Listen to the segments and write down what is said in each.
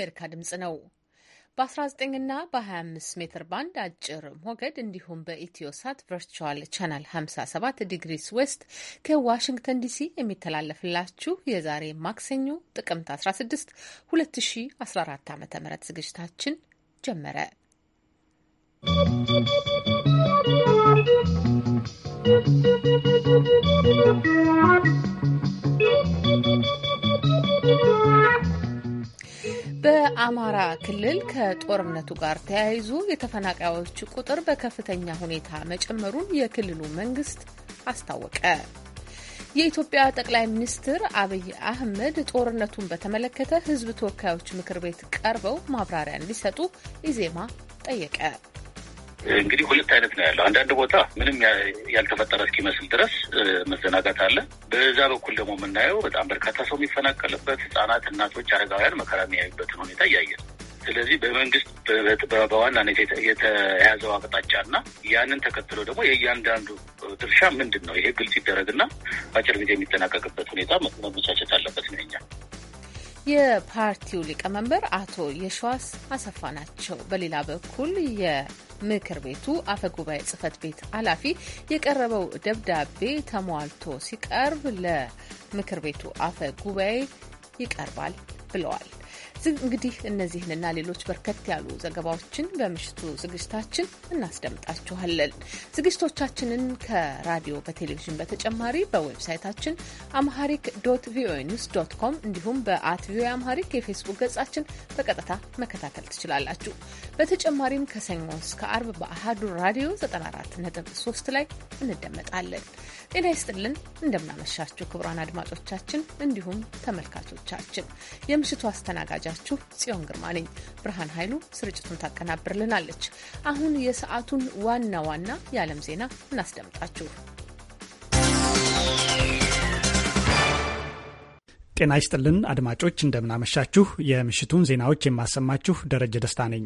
የአሜሪካ ድምጽ ነው። በ19 እና በ25 ሜትር ባንድ አጭር ሞገድ እንዲሁም በኢትዮሳት ቨርቹዋል ቻናል 57 ዲግሪስ ዌስት ከዋሽንግተን ዲሲ የሚተላለፍላችሁ የዛሬ ማክሰኞ ጥቅምት 16 2014 ዓ ም ዝግጅታችን ጀመረ። ¶¶ በአማራ ክልል ከጦርነቱ ጋር ተያይዞ የተፈናቃዮች ቁጥር በከፍተኛ ሁኔታ መጨመሩን የክልሉ መንግስት አስታወቀ። የኢትዮጵያ ጠቅላይ ሚኒስትር አብይ አህመድ ጦርነቱን በተመለከተ ሕዝብ ተወካዮች ምክር ቤት ቀርበው ማብራሪያ እንዲሰጡ ኢዜማ ጠየቀ። እንግዲህ ሁለት አይነት ነው ያለው። አንዳንድ ቦታ ምንም ያልተፈጠረ እስኪመስል ድረስ መዘናጋት አለ። በዛ በኩል ደግሞ የምናየው በጣም በርካታ ሰው የሚፈናቀልበት ህጻናት፣ እናቶች፣ አረጋውያን መከራ የሚያዩበትን ሁኔታ እያየን ስለዚህ በመንግስት በዋናነት የተያዘው አቅጣጫ እና ያንን ተከትሎ ደግሞ የእያንዳንዱ ድርሻ ምንድን ነው ይሄ ግልጽ ይደረግና በአጭር ጊዜ የሚጠናቀቅበት ሁኔታ መመቻቸት አለበት ነኛ የፓርቲው ሊቀመንበር አቶ የሸዋስ አሰፋ ናቸው። በሌላ በኩል የምክር ቤቱ አፈ ጉባኤ ጽህፈት ቤት ኃላፊ የቀረበው ደብዳቤ ተሟልቶ ሲቀርብ ለምክር ቤቱ አፈ ጉባኤ ይቀርባል ብለዋል። እንግዲህ እነዚህንና ሌሎች በርከት ያሉ ዘገባዎችን በምሽቱ ዝግጅታችን እናስደምጣችኋለን። ዝግጅቶቻችንን ከራዲዮ በቴሌቪዥን በተጨማሪ በዌብሳይታችን አምሃሪክ ዶት ቪኦኤ ኒውስ ዶት ኮም እንዲሁም በአት ቪኦኤ አምሃሪክ የፌስቡክ ገጻችን በቀጥታ መከታተል ትችላላችሁ። በተጨማሪም ከሰኞ እስከ አርብ በአሃዱ ራዲዮ 94.3 ላይ እንደመጣለን። ጤና ይስጥልን እንደምናመሻችሁ ክቡራን አድማጮቻችን እንዲሁም ተመልካቾቻችን የምሽቱ አስተናጋጃችሁ ጽዮን ግርማ ነኝ። ብርሃን ኃይሉ ስርጭቱን ታቀናብርልናለች። አሁን የሰዓቱን ዋና ዋና የዓለም ዜና እናስደምጣችሁ። ጤና ይስጥልን አድማጮች እንደምናመሻችሁ። የምሽቱን ዜናዎች የማሰማችሁ ደረጀ ደስታ ነኝ።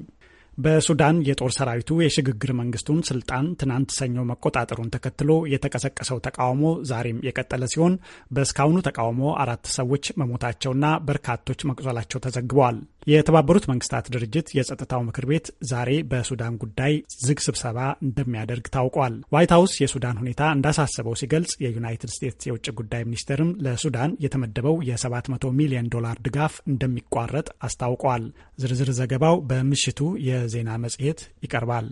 በሱዳን የጦር ሰራዊቱ የሽግግር መንግስቱን ስልጣን ትናንት ሰኞ መቆጣጠሩን ተከትሎ የተቀሰቀሰው ተቃውሞ ዛሬም የቀጠለ ሲሆን በእስካሁኑ ተቃውሞ አራት ሰዎች መሞታቸውና በርካቶች መቁሰላቸው ተዘግበዋል። የተባበሩት መንግስታት ድርጅት የጸጥታው ምክር ቤት ዛሬ በሱዳን ጉዳይ ዝግ ስብሰባ እንደሚያደርግ ታውቋል። ዋይት ሀውስ የሱዳን ሁኔታ እንዳሳሰበው ሲገልጽ የዩናይትድ ስቴትስ የውጭ ጉዳይ ሚኒስቴርም ለሱዳን የተመደበው የ700 ሚሊዮን ዶላር ድጋፍ እንደሚቋረጥ አስታውቋል። ዝርዝር ዘገባው በምሽቱ የዜና መጽሔት ይቀርባል።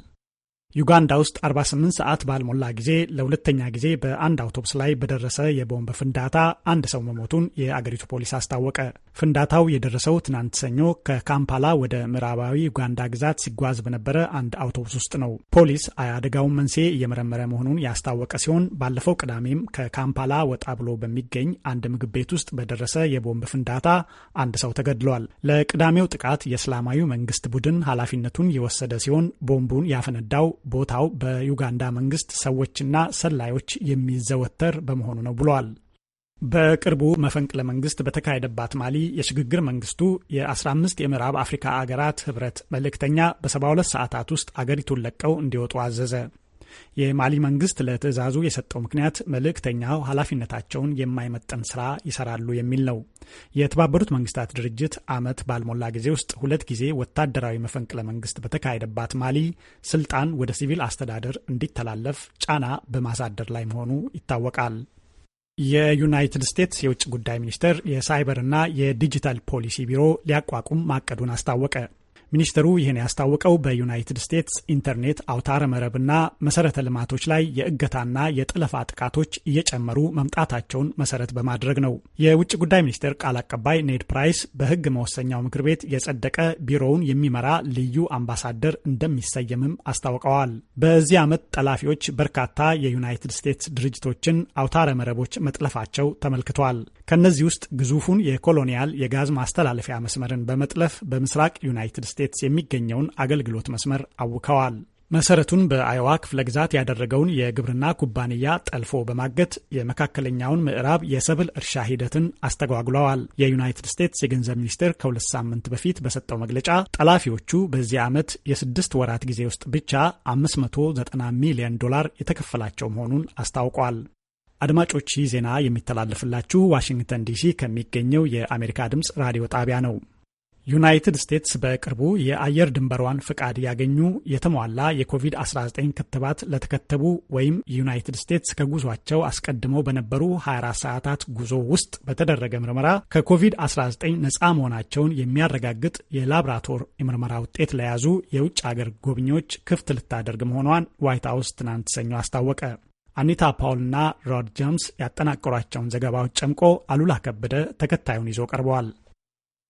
ዩጋንዳ ውስጥ 48 ሰዓት ባልሞላ ጊዜ ለሁለተኛ ጊዜ በአንድ አውቶቡስ ላይ በደረሰ የቦምብ ፍንዳታ አንድ ሰው መሞቱን የአገሪቱ ፖሊስ አስታወቀ። ፍንዳታው የደረሰው ትናንት ሰኞ ከካምፓላ ወደ ምዕራባዊ ዩጋንዳ ግዛት ሲጓዝ በነበረ አንድ አውቶቡስ ውስጥ ነው። ፖሊስ አደጋውን መንስኤ እየመረመረ መሆኑን ያስታወቀ ሲሆን ባለፈው ቅዳሜም ከካምፓላ ወጣ ብሎ በሚገኝ አንድ ምግብ ቤት ውስጥ በደረሰ የቦምብ ፍንዳታ አንድ ሰው ተገድሏል። ለቅዳሜው ጥቃት የእስላማዊ መንግስት ቡድን ኃላፊነቱን የወሰደ ሲሆን ቦምቡን ያፈነዳው ቦታው በዩጋንዳ መንግስት ሰዎችና ሰላዮች የሚዘወተር በመሆኑ ነው ብለዋል። በቅርቡ መፈንቅለ መንግስት በተካሄደባት ማሊ የሽግግር መንግስቱ የ15 የምዕራብ አፍሪካ አገራት ህብረት መልእክተኛ በ72 ሰዓታት ውስጥ አገሪቱን ለቀው እንዲወጡ አዘዘ። የማሊ መንግስት ለትዕዛዙ የሰጠው ምክንያት መልእክተኛው ኃላፊነታቸውን የማይመጥን ስራ ይሰራሉ የሚል ነው። የተባበሩት መንግስታት ድርጅት አመት ባልሞላ ጊዜ ውስጥ ሁለት ጊዜ ወታደራዊ መፈንቅለ መንግስት በተካሄደባት ማሊ ስልጣን ወደ ሲቪል አስተዳደር እንዲተላለፍ ጫና በማሳደር ላይ መሆኑ ይታወቃል። የዩናይትድ ስቴትስ የውጭ ጉዳይ ሚኒስቴር የሳይበርና የዲጂታል ፖሊሲ ቢሮ ሊያቋቁም ማቀዱን አስታወቀ። ሚኒስትሩ ይህን ያስታወቀው በዩናይትድ ስቴትስ ኢንተርኔት አውታረ መረብና መሰረተ ልማቶች ላይ የእገታና የጥለፋ ጥቃቶች እየጨመሩ መምጣታቸውን መሰረት በማድረግ ነው። የውጭ ጉዳይ ሚኒስቴር ቃል አቀባይ ኔድ ፕራይስ በህግ መወሰኛው ምክር ቤት የጸደቀ ቢሮውን የሚመራ ልዩ አምባሳደር እንደሚሰየምም አስታውቀዋል። በዚህ ዓመት ጠላፊዎች በርካታ የዩናይትድ ስቴትስ ድርጅቶችን አውታረ መረቦች መጥለፋቸው ተመልክቷል። ከእነዚህ ውስጥ ግዙፉን የኮሎኒያል የጋዝ ማስተላለፊያ መስመርን በመጥለፍ በምስራቅ ዩናይትድ ስቴትስ የሚገኘውን አገልግሎት መስመር አውከዋል። መሰረቱን በአዮዋ ክፍለ ግዛት ያደረገውን የግብርና ኩባንያ ጠልፎ በማገት የመካከለኛውን ምዕራብ የሰብል እርሻ ሂደትን አስተጓጉለዋል። የዩናይትድ ስቴትስ የገንዘብ ሚኒስቴር ከሁለት ሳምንት በፊት በሰጠው መግለጫ ጠላፊዎቹ በዚህ ዓመት የስድስት ወራት ጊዜ ውስጥ ብቻ 590 ሚሊዮን ዶላር የተከፈላቸው መሆኑን አስታውቋል። አድማጮች ይህ ዜና የሚተላለፍላችሁ ዋሽንግተን ዲሲ ከሚገኘው የአሜሪካ ድምፅ ራዲዮ ጣቢያ ነው። ዩናይትድ ስቴትስ በቅርቡ የአየር ድንበሯን ፍቃድ ያገኙ የተሟላ የኮቪድ-19 ክትባት ለተከተቡ ወይም ዩናይትድ ስቴትስ ከጉዟቸው አስቀድመው በነበሩ 24 ሰዓታት ጉዞ ውስጥ በተደረገ ምርመራ ከኮቪድ-19 ነፃ መሆናቸውን የሚያረጋግጥ የላብራቶር የምርመራ ውጤት ለያዙ የውጭ አገር ጎብኚዎች ክፍት ልታደርግ መሆኗን ዋይት ሀውስ ትናንት ሰኞ አስታወቀ። አኒታ ፓውልና ሮድ ጀምስ ያጠናቀሯቸውን ዘገባዎች ጨምቆ አሉላ ከበደ ተከታዩን ይዞ ቀርበዋል።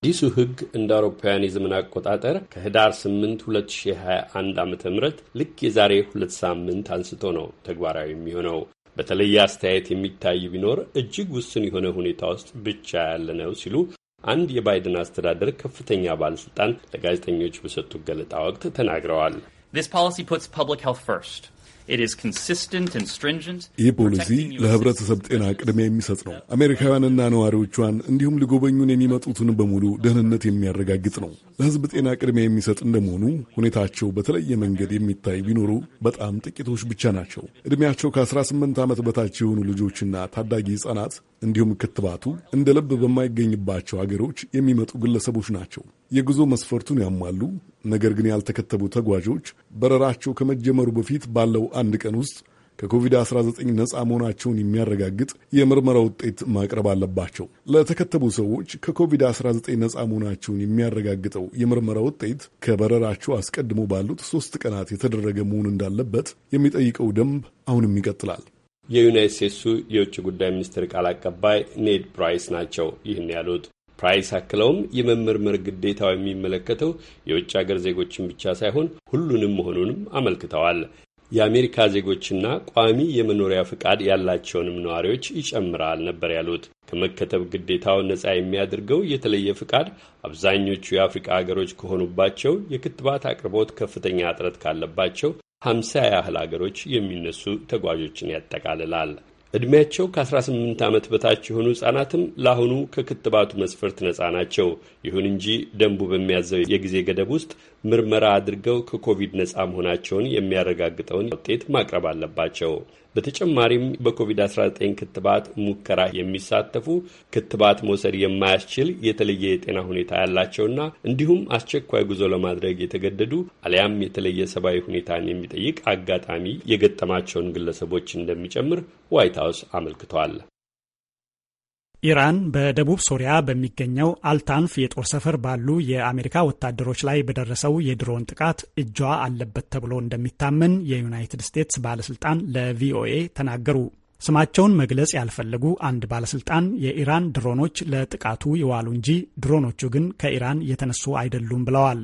አዲሱ ሕግ እንደ አውሮፓውያን የዘመን አቆጣጠር ከህዳር 8 2021 ዓ ም ልክ የዛሬ ሁለት ሳምንት አንስቶ ነው ተግባራዊ የሚሆነው። በተለየ አስተያየት የሚታይ ቢኖር እጅግ ውስን የሆነ ሁኔታ ውስጥ ብቻ ያለ ነው ሲሉ አንድ የባይደን አስተዳደር ከፍተኛ ባለሥልጣን ለጋዜጠኞች በሰጡት ገለጣ ወቅት ተናግረዋል። This policy puts public health first. ይህ ፖሊሲ ለህብረተሰብ ጤና ቅድሚያ የሚሰጥ ነው። አሜሪካውያንና ነዋሪዎቿን እንዲሁም ሊጎበኙን የሚመጡትን በሙሉ ደህንነት የሚያረጋግጥ ነው። ለህዝብ ጤና ቅድሚያ የሚሰጥ እንደመሆኑ ሁኔታቸው በተለየ መንገድ የሚታይ ቢኖሩ በጣም ጥቂቶች ብቻ ናቸው። ዕድሜያቸው ከ18 ዓመት በታች የሆኑ ልጆችና ታዳጊ ሕጻናት እንዲሁም ክትባቱ እንደ ልብ በማይገኝባቸው አገሮች የሚመጡ ግለሰቦች ናቸው። የጉዞ መስፈርቱን ያሟሉ ነገር ግን ያልተከተቡ ተጓዦች በረራቸው ከመጀመሩ በፊት ባለው አንድ ቀን ውስጥ ከኮቪድ-19 ነፃ መሆናቸውን የሚያረጋግጥ የምርመራ ውጤት ማቅረብ አለባቸው። ለተከተቡ ሰዎች ከኮቪድ-19 ነፃ መሆናቸውን የሚያረጋግጠው የምርመራ ውጤት ከበረራቸው አስቀድሞ ባሉት ሶስት ቀናት የተደረገ መሆን እንዳለበት የሚጠይቀው ደንብ አሁንም ይቀጥላል። የዩናይት ስቴትሱ የውጭ ጉዳይ ሚኒስትር ቃል አቀባይ ኔድ ፕራይስ ናቸው ይህን ያሉት። ፕራይስ አክለውም የመመርመር ግዴታው የሚመለከተው የውጭ አገር ዜጎችን ብቻ ሳይሆን ሁሉንም መሆኑንም አመልክተዋል። የአሜሪካ ዜጎችና ቋሚ የመኖሪያ ፍቃድ ያላቸውንም ነዋሪዎች ይጨምራል ነበር ያሉት። ከመከተብ ግዴታው ነፃ የሚያደርገው የተለየ ፍቃድ አብዛኞቹ የአፍሪካ ሀገሮች ከሆኑባቸው የክትባት አቅርቦት ከፍተኛ እጥረት ካለባቸው ሀምሳ ያህል ሀገሮች የሚነሱ ተጓዦችን ያጠቃልላል። ዕድሜያቸው ከ18 ዓመት በታች የሆኑ ሕፃናትም ለአሁኑ ከክትባቱ መስፈርት ነፃ ናቸው። ይሁን እንጂ ደንቡ በሚያዘው የጊዜ ገደብ ውስጥ ምርመራ አድርገው ከኮቪድ ነፃ መሆናቸውን የሚያረጋግጠውን ውጤት ማቅረብ አለባቸው። በተጨማሪም በኮቪድ-19 ክትባት ሙከራ የሚሳተፉ ክትባት መውሰድ የማያስችል የተለየ የጤና ሁኔታ ያላቸውና እንዲሁም አስቸኳይ ጉዞ ለማድረግ የተገደዱ አሊያም የተለየ ሰብአዊ ሁኔታን የሚጠይቅ አጋጣሚ የገጠማቸውን ግለሰቦች እንደሚጨምር ዋይት ሀውስ አመልክቷል። ኢራን በደቡብ ሶሪያ በሚገኘው አልታንፍ የጦር ሰፈር ባሉ የአሜሪካ ወታደሮች ላይ በደረሰው የድሮን ጥቃት እጇ አለበት ተብሎ እንደሚታመን የዩናይትድ ስቴትስ ባለስልጣን ለቪኦኤ ተናገሩ። ስማቸውን መግለጽ ያልፈለጉ አንድ ባለስልጣን የኢራን ድሮኖች ለጥቃቱ የዋሉ እንጂ ድሮኖቹ ግን ከኢራን የተነሱ አይደሉም ብለዋል።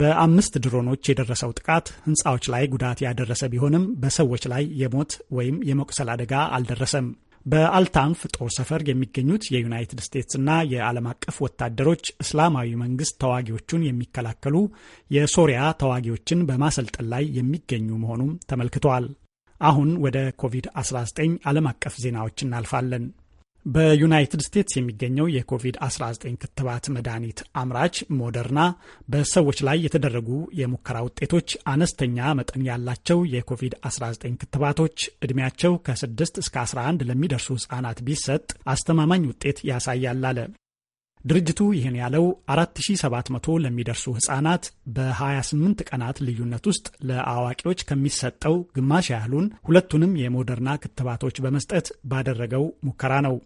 በአምስት ድሮኖች የደረሰው ጥቃት ሕንፃዎች ላይ ጉዳት ያደረሰ ቢሆንም በሰዎች ላይ የሞት ወይም የመቁሰል አደጋ አልደረሰም። በአልታንፍ ጦር ሰፈር የሚገኙት የዩናይትድ ስቴትስና የዓለም አቀፍ ወታደሮች እስላማዊ መንግስት ተዋጊዎቹን የሚከላከሉ የሶሪያ ተዋጊዎችን በማሰልጠን ላይ የሚገኙ መሆኑም ተመልክተዋል። አሁን ወደ ኮቪድ-19 ዓለም አቀፍ ዜናዎች እናልፋለን። በዩናይትድ ስቴትስ የሚገኘው የኮቪድ-19 ክትባት መድኃኒት አምራች ሞደርና በሰዎች ላይ የተደረጉ የሙከራ ውጤቶች አነስተኛ መጠን ያላቸው የኮቪድ-19 ክትባቶች ዕድሜያቸው ከ6 እስከ 11 ለሚደርሱ ሕፃናት ቢሰጥ አስተማማኝ ውጤት ያሳያል አለ። ድርጅቱ ይህን ያለው 4700 ለሚደርሱ ህጻናት በ28 ቀናት ልዩነት ውስጥ ለአዋቂዎች ከሚሰጠው ግማሽ ያህሉን ሁለቱንም የሞደርና ክትባቶች በመስጠት ባደረገው ሙከራ ነው።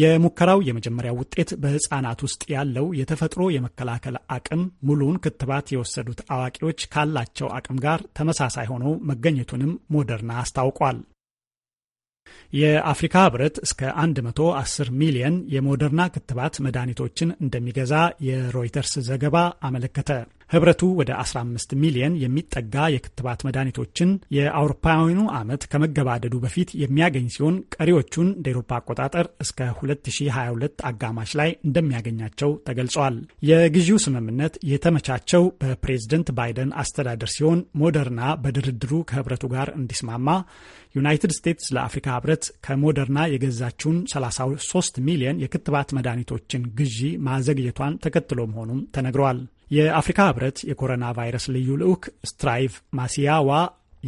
የሙከራው የመጀመሪያ ውጤት በህፃናት ውስጥ ያለው የተፈጥሮ የመከላከል አቅም ሙሉውን ክትባት የወሰዱት አዋቂዎች ካላቸው አቅም ጋር ተመሳሳይ ሆኖ መገኘቱንም ሞደርና አስታውቋል። የአፍሪካ ህብረት እስከ 110 ሚሊየን የሞደርና ክትባት መድኃኒቶችን እንደሚገዛ የሮይተርስ ዘገባ አመለከተ። ህብረቱ ወደ 15 ሚሊየን የሚጠጋ የክትባት መድኃኒቶችን የአውሮፓውያኑ ዓመት ከመገባደዱ በፊት የሚያገኝ ሲሆን ቀሪዎቹን እንደ ኤሮፓ አቆጣጠር እስከ 2022 አጋማሽ ላይ እንደሚያገኛቸው ተገልጿል። የግዢው ስምምነት የተመቻቸው በፕሬዝደንት ባይደን አስተዳደር ሲሆን ሞደርና በድርድሩ ከህብረቱ ጋር እንዲስማማ ዩናይትድ ስቴትስ ለአፍሪካ ህብረት ከሞደርና የገዛችውን 33 ሚሊየን የክትባት መድኃኒቶችን ግዢ ማዘግየቷን ተከትሎ መሆኑም ተነግረዋል። የአፍሪካ ህብረት የኮሮና ቫይረስ ልዩ ልዑክ ስትራይቭ ማሲያዋ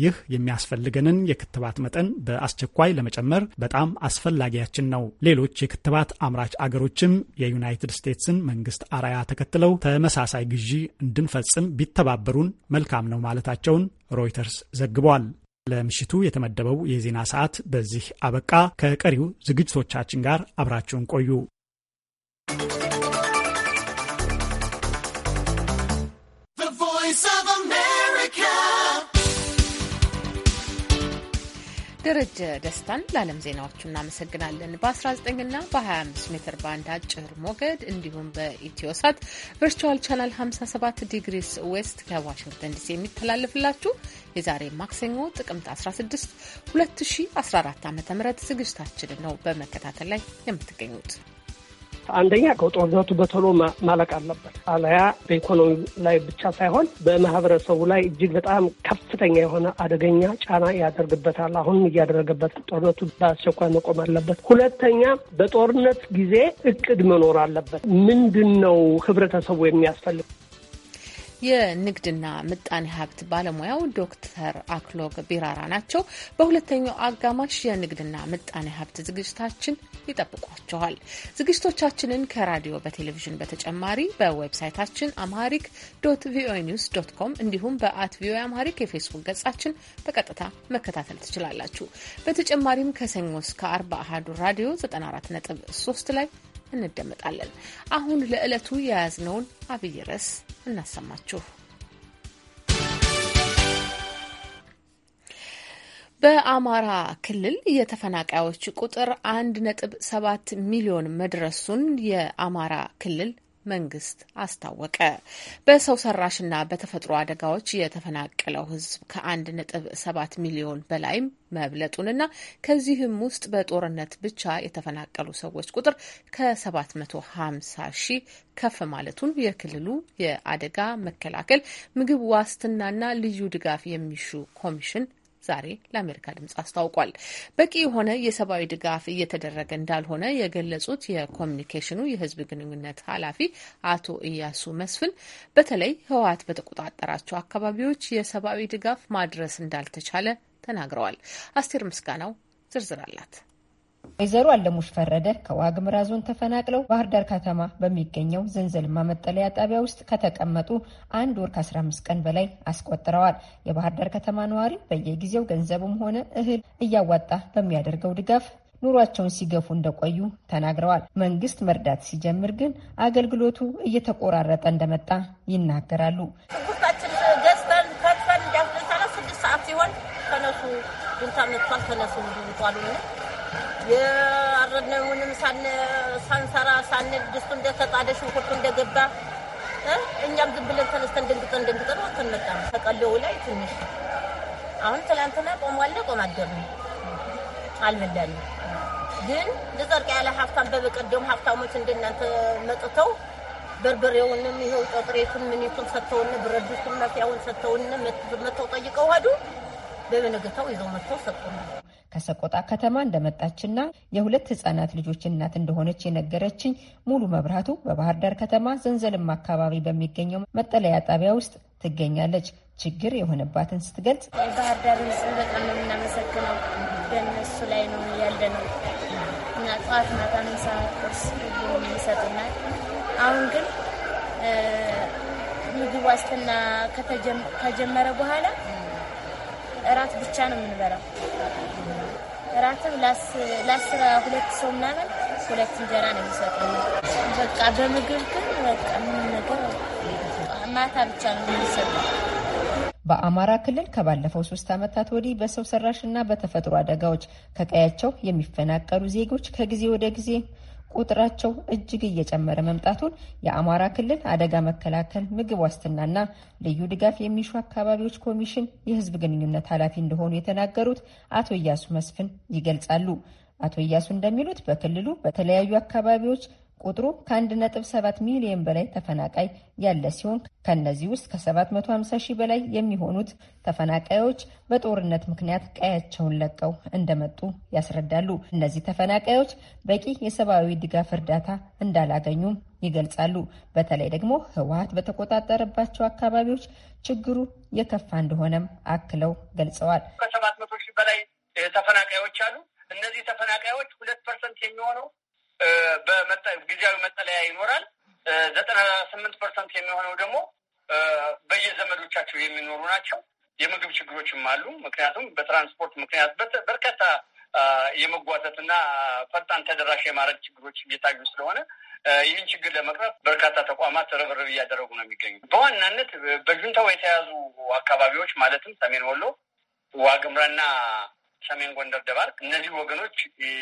ይህ የሚያስፈልገንን የክትባት መጠን በአስቸኳይ ለመጨመር በጣም አስፈላጊያችን ነው። ሌሎች የክትባት አምራች አገሮችም የዩናይትድ ስቴትስን መንግስት አራያ ተከትለው ተመሳሳይ ግዢ እንድንፈጽም ቢተባበሩን መልካም ነው ማለታቸውን ሮይተርስ ዘግቧል። ለምሽቱ የተመደበው የዜና ሰዓት በዚህ አበቃ። ከቀሪው ዝግጅቶቻችን ጋር አብራችሁን ቆዩ። ደረጀ ደስታን ለዓለም ዜናዎቹ እናመሰግናለን። በ19ና በ25 ሜትር ባንድ አጭር ሞገድ እንዲሁም በኢትዮሳት ቨርቹዋል ቻናል 57 ዲግሪስ ዌስት ከዋሽንግተን ዲሲ የሚተላለፍላችሁ የዛሬ ማክሰኞ ጥቅምት 16 2014 ዓ ም ዝግጅታችንን ነው በመከታተል ላይ የምትገኙት። አንደኛ ከጦርነቱ በቶሎ ማለቅ አለበት። አለያ በኢኮኖሚ ላይ ብቻ ሳይሆን በማህበረሰቡ ላይ እጅግ በጣም ከፍተኛ የሆነ አደገኛ ጫና ያደርግበታል። አሁንም እያደረገበት፣ ጦርነቱ በአስቸኳይ መቆም አለበት። ሁለተኛ በጦርነት ጊዜ እቅድ መኖር አለበት። ምንድን ነው ህብረተሰቡ የሚያስፈልግ የንግድና ምጣኔ ሀብት ባለሙያው ዶክተር አክሎግ ቢራራ ናቸው። በሁለተኛው አጋማሽ የንግድና ምጣኔ ሀብት ዝግጅታችን ይጠብቋቸዋል። ዝግጅቶቻችንን ከራዲዮ በቴሌቪዥን በተጨማሪ በዌብሳይታችን አምሃሪክ ዶት ቪኦኤ ኒውስ ዶት ኮም እንዲሁም በአት ቪኦኤ አምሃሪክ የፌስቡክ ገጻችን በቀጥታ መከታተል ትችላላችሁ። በተጨማሪም ከሰኞ እስከ አርብ አሀዱ ራዲዮ 94.3 ላይ እንደመጣለን። አሁን ለዕለቱ የያዝነውን አብይ ርዕስ እናሰማችሁ። በአማራ ክልል የተፈናቃዮች ቁጥር አንድ ነጥብ ሰባት ሚሊዮን መድረሱን የአማራ ክልል መንግስት አስታወቀ። በሰው ሰራሽና በተፈጥሮ አደጋዎች የተፈናቀለው ህዝብ ከአንድ ነጥብ ሰባት ሚሊዮን በላይም መብለጡንና ከዚህም ውስጥ በጦርነት ብቻ የተፈናቀሉ ሰዎች ቁጥር ከ750 ሺህ ከፍ ማለቱን የክልሉ የአደጋ መከላከል ምግብ ዋስትናና ልዩ ድጋፍ የሚሹ ኮሚሽን ዛሬ ለአሜሪካ ድምጽ አስታውቋል። በቂ የሆነ የሰብአዊ ድጋፍ እየተደረገ እንዳልሆነ የገለጹት የኮሚኒኬሽኑ የህዝብ ግንኙነት ኃላፊ አቶ እያሱ መስፍን በተለይ ህወሀት በተቆጣጠራቸው አካባቢዎች የሰብአዊ ድጋፍ ማድረስ እንዳልተቻለ ተናግረዋል። አስቴር ምስጋናው ዝርዝር አላት። ወይዘሮ አለሙሽ ፈረደ ከዋግምራ ዞን ተፈናቅለው ባህር ዳር ከተማ በሚገኘው ዘንዘልማ መጠለያ ጣቢያ ውስጥ ከተቀመጡ አንድ ወር ከ15 ቀን በላይ አስቆጥረዋል። የባህር ዳር ከተማ ነዋሪ በየጊዜው ገንዘብም ሆነ እህል እያዋጣ በሚያደርገው ድጋፍ ኑሯቸውን ሲገፉ እንደቆዩ ተናግረዋል። መንግስት መርዳት ሲጀምር ግን አገልግሎቱ እየተቆራረጠ እንደመጣ ይናገራሉ። ሽንኩርታችን ገዝተን ከርተን እንዳፍለን ስድስት ሰዓት ሲሆን ከነሱ ድምታ መጥቷል። ከነሱ ድምቷል የአረድነውንም ሳንሰራ ሳንል ድስቱ እንደተጣደ ሽንኩርቱ እንደገባ እኛም ዝም ብለን ተነስተን ደንግጠን ደንግጠን ወጥተን መጣን። ተቀሌው ላይ ትንሽ አሁን ትላንትና ቆም ቆም አደሩ ነው ግን ልጸድቅ ያለ ሀብታም በበቀደም ሀብታሞች እንደናንተ መጥተው በርበሬውንም ይኸው ጠጥሬቱን ምኒቱን ሰጥተውን ብረድስቱን መፍያውን ሰጥተውን መጥተው ጠይቀው ሄዱ። በበነገታው ይዘው መጥተው ሰጡናል። ከሰቆጣ ከተማ እንደመጣችና የሁለት ህጻናት ልጆች እናት እንደሆነች የነገረችኝ ሙሉ መብራቱ በባህር ዳር ከተማ ዘንዘልማ አካባቢ በሚገኘው መጠለያ ጣቢያ ውስጥ ትገኛለች። ችግር የሆነባትን ስትገልጽ ባህር ዳር ህዝብ በጣም ነው የምናመሰግነው። በእነሱ ላይ ነው ያለ ነው እና ጠዋት ማታ ምሳ፣ ቁርስ ሁሉ ይሰጡናል። አሁን ግን ምግብ ዋስትና ከጀመረ በኋላ እራት ብቻ ነው የምንበላው። ራትም ለአስራ ሁለት ሰው ምናምን ሁለት እንጀራ ነው የሚሰጠው። በቃ በምግብ ግን በቃ ምንም ነገር ማታ ብቻ ነው የሚሰጠው። በአማራ ክልል ከባለፈው ሶስት ዓመታት ወዲህ በሰው ሰራሽና በተፈጥሮ አደጋዎች ከቀያቸው የሚፈናቀሉ ዜጎች ከጊዜ ወደ ጊዜ ቁጥራቸው እጅግ እየጨመረ መምጣቱን የአማራ ክልል አደጋ መከላከል ምግብ ዋስትናና ልዩ ድጋፍ የሚሹ አካባቢዎች ኮሚሽን የሕዝብ ግንኙነት ኃላፊ እንደሆኑ የተናገሩት አቶ እያሱ መስፍን ይገልጻሉ። አቶ እያሱ እንደሚሉት በክልሉ በተለያዩ አካባቢዎች ቁጥሩ ከ1.7 ሚሊዮን በላይ ተፈናቃይ ያለ ሲሆን ከእነዚህ ውስጥ ከ750 ሺህ በላይ የሚሆኑት ተፈናቃዮች በጦርነት ምክንያት ቀያቸውን ለቀው እንደመጡ ያስረዳሉ። እነዚህ ተፈናቃዮች በቂ የሰብአዊ ድጋፍ እርዳታ እንዳላገኙም ይገልጻሉ። በተለይ ደግሞ ህወሀት በተቆጣጠረባቸው አካባቢዎች ችግሩ የከፋ እንደሆነም አክለው ገልጸዋል። ከሰባት መቶ ሺህ በላይ ተፈናቃዮች አሉ። እነዚህ ተፈናቃዮች ሁለት ፐርሰንት የሚሆነው ጊዜያዊ መጠለያ ይኖራል። ዘጠና ስምንት ፐርሰንት የሚሆነው ደግሞ በየዘመዶቻቸው የሚኖሩ ናቸው። የምግብ ችግሮችም አሉ። ምክንያቱም በትራንስፖርት ምክንያት በርካታ የመጓተትና ፈጣን ተደራሽ የማድረግ ችግሮች እየታዩ ስለሆነ ይህን ችግር ለመቅረፍ በርካታ ተቋማት ርብርብ እያደረጉ ነው የሚገኙ። በዋናነት በጁንታው የተያዙ አካባቢዎች ማለትም ሰሜን ወሎ፣ ዋግምራና ሰሜን ጎንደር፣ ደባርቅ እነዚህ ወገኖች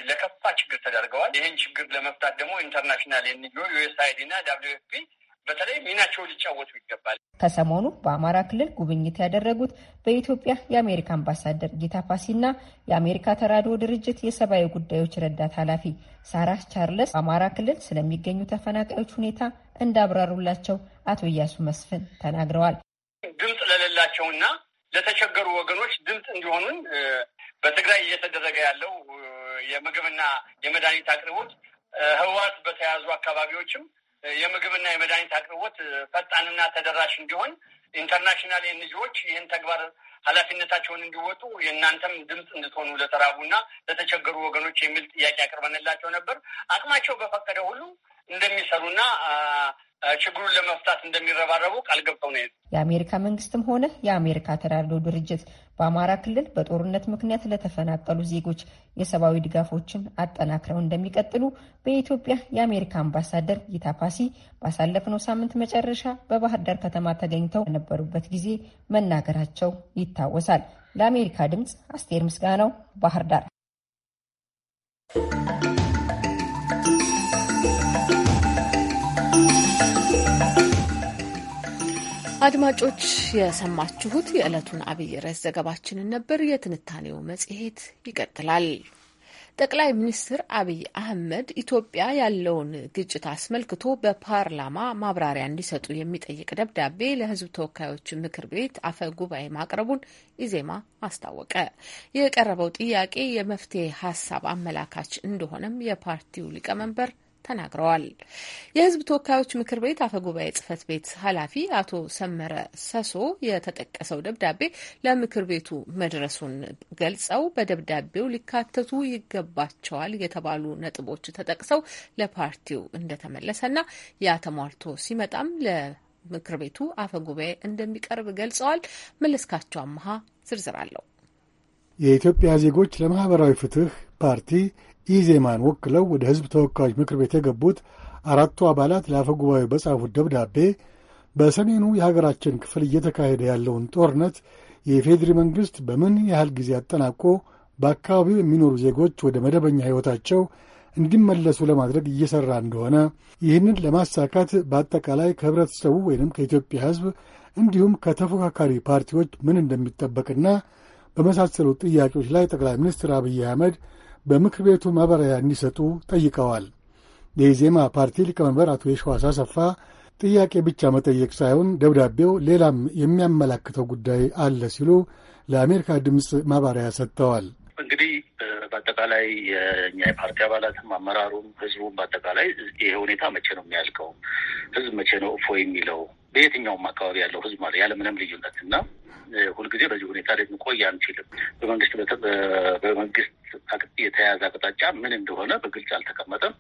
ለከፋ ችግር ተዳርገዋል። ይህን ችግር ለመፍታት ደግሞ ኢንተርናሽናል ኤንጂኦ ዩኤስአይዲ እና ዳብሊው ኤፍ ፒ በተለይ ሚናቸው ሊጫወቱ ይገባል። ከሰሞኑ በአማራ ክልል ጉብኝት ያደረጉት በኢትዮጵያ የአሜሪካ አምባሳደር ጌታ ፓሲና የአሜሪካ ተራድኦ ድርጅት የሰብአዊ ጉዳዮች ረዳት ኃላፊ ሳራ ቻርለስ በአማራ ክልል ስለሚገኙ ተፈናቃዮች ሁኔታ እንዳብራሩላቸው አቶ እያሱ መስፍን ተናግረዋል። ድምፅ ለሌላቸውና ለተቸገሩ ወገኖች ድምፅ እንዲሆኑን በትግራይ እየተደረገ ያለው የምግብና የመድኃኒት አቅርቦት ህወሓት በተያዙ አካባቢዎችም የምግብና የመድኃኒት አቅርቦት ፈጣንና ተደራሽ እንዲሆን ኢንተርናሽናል ኤንጂዎች ይህን ተግባር ኃላፊነታቸውን እንዲወጡ የእናንተም ድምፅ እንድትሆኑ ለተራቡና ለተቸገሩ ወገኖች የሚል ጥያቄ አቅርበንላቸው ነበር። አቅማቸው በፈቀደ ሁሉ እንደሚሰሩና ችግሩን ለመፍታት እንደሚረባረቡ ቃል ገብተው ነው። የአሜሪካ መንግስትም ሆነ የአሜሪካ ተራድኦ ድርጅት በአማራ ክልል በጦርነት ምክንያት ለተፈናቀሉ ዜጎች የሰብአዊ ድጋፎችን አጠናክረው እንደሚቀጥሉ በኢትዮጵያ የአሜሪካ አምባሳደር ጊታ ፓሲ ባሳለፍነው ሳምንት መጨረሻ በባህር ዳር ከተማ ተገኝተው በነበሩበት ጊዜ መናገራቸው ይታወሳል። ለአሜሪካ ድምፅ አስቴር ምስጋናው ባህር ዳር። አድማጮች የሰማችሁት የዕለቱን አብይ ርዕስ ዘገባችንን ነበር። የትንታኔው መጽሔት ይቀጥላል። ጠቅላይ ሚኒስትር አብይ አህመድ ኢትዮጵያ ያለውን ግጭት አስመልክቶ በፓርላማ ማብራሪያ እንዲሰጡ የሚጠይቅ ደብዳቤ ለሕዝብ ተወካዮች ምክር ቤት አፈ ጉባኤ ማቅረቡን ኢዜማ አስታወቀ። የቀረበው ጥያቄ የመፍትሄ ሀሳብ አመላካች እንደሆነም የፓርቲው ሊቀመንበር ተናግረዋል። የህዝብ ተወካዮች ምክር ቤት አፈ ጉባኤ ጽህፈት ቤት ኃላፊ አቶ ሰመረ ሰሶ የተጠቀሰው ደብዳቤ ለምክር ቤቱ መድረሱን ገልጸው በደብዳቤው ሊካተቱ ይገባቸዋል የተባሉ ነጥቦች ተጠቅሰው ለፓርቲው እንደተመለሰና ያ ተሟልቶ ሲመጣም ለምክር ቤቱ አፈ ጉባኤ እንደሚቀርብ ገልጸዋል። መለስካቸው አመሃ ዝርዝር አለው። የኢትዮጵያ ዜጎች ለማህበራዊ ፍትህ ፓርቲ ኢዜማን ወክለው ወደ ሕዝብ ተወካዮች ምክር ቤት የገቡት አራቱ አባላት ለአፈ ጉባኤው በጻፉት ደብዳቤ በሰሜኑ የሀገራችን ክፍል እየተካሄደ ያለውን ጦርነት የፌዴሪ መንግሥት በምን ያህል ጊዜ አጠናቆ በአካባቢው የሚኖሩ ዜጎች ወደ መደበኛ ሕይወታቸው እንዲመለሱ ለማድረግ እየሠራ እንደሆነ፣ ይህንን ለማሳካት በአጠቃላይ ከኅብረተሰቡ ወይንም ከኢትዮጵያ ሕዝብ እንዲሁም ከተፎካካሪ ፓርቲዎች ምን እንደሚጠበቅና በመሳሰሉ ጥያቄዎች ላይ ጠቅላይ ሚኒስትር አብይ አህመድ በምክር ቤቱ ማብራሪያ እንዲሰጡ ጠይቀዋል። የኢዜማ ፓርቲ ሊቀመንበር አቶ የሸዋስ አሰፋ ጥያቄ ብቻ መጠየቅ ሳይሆን ደብዳቤው ሌላም የሚያመላክተው ጉዳይ አለ ሲሉ ለአሜሪካ ድምፅ ማብራሪያ ሰጥተዋል። እንግዲህ በአጠቃላይ የእኛ የፓርቲ አባላትም አመራሩም ህዝቡም በአጠቃላይ ይሄ ሁኔታ መቼ ነው የሚያልቀው? ህዝብ መቼ ነው እፎ የሚለው? በየትኛውም አካባቢ ያለው ህዝብ ማለት ያለምንም ልዩነት እና ሁልጊዜ በዚህ ሁኔታ ልንቆይ አንችልም። በመንግስት በመንግስት የተያዘ አቅጣጫ ምን እንደሆነ በግልጽ አልተቀመጠም።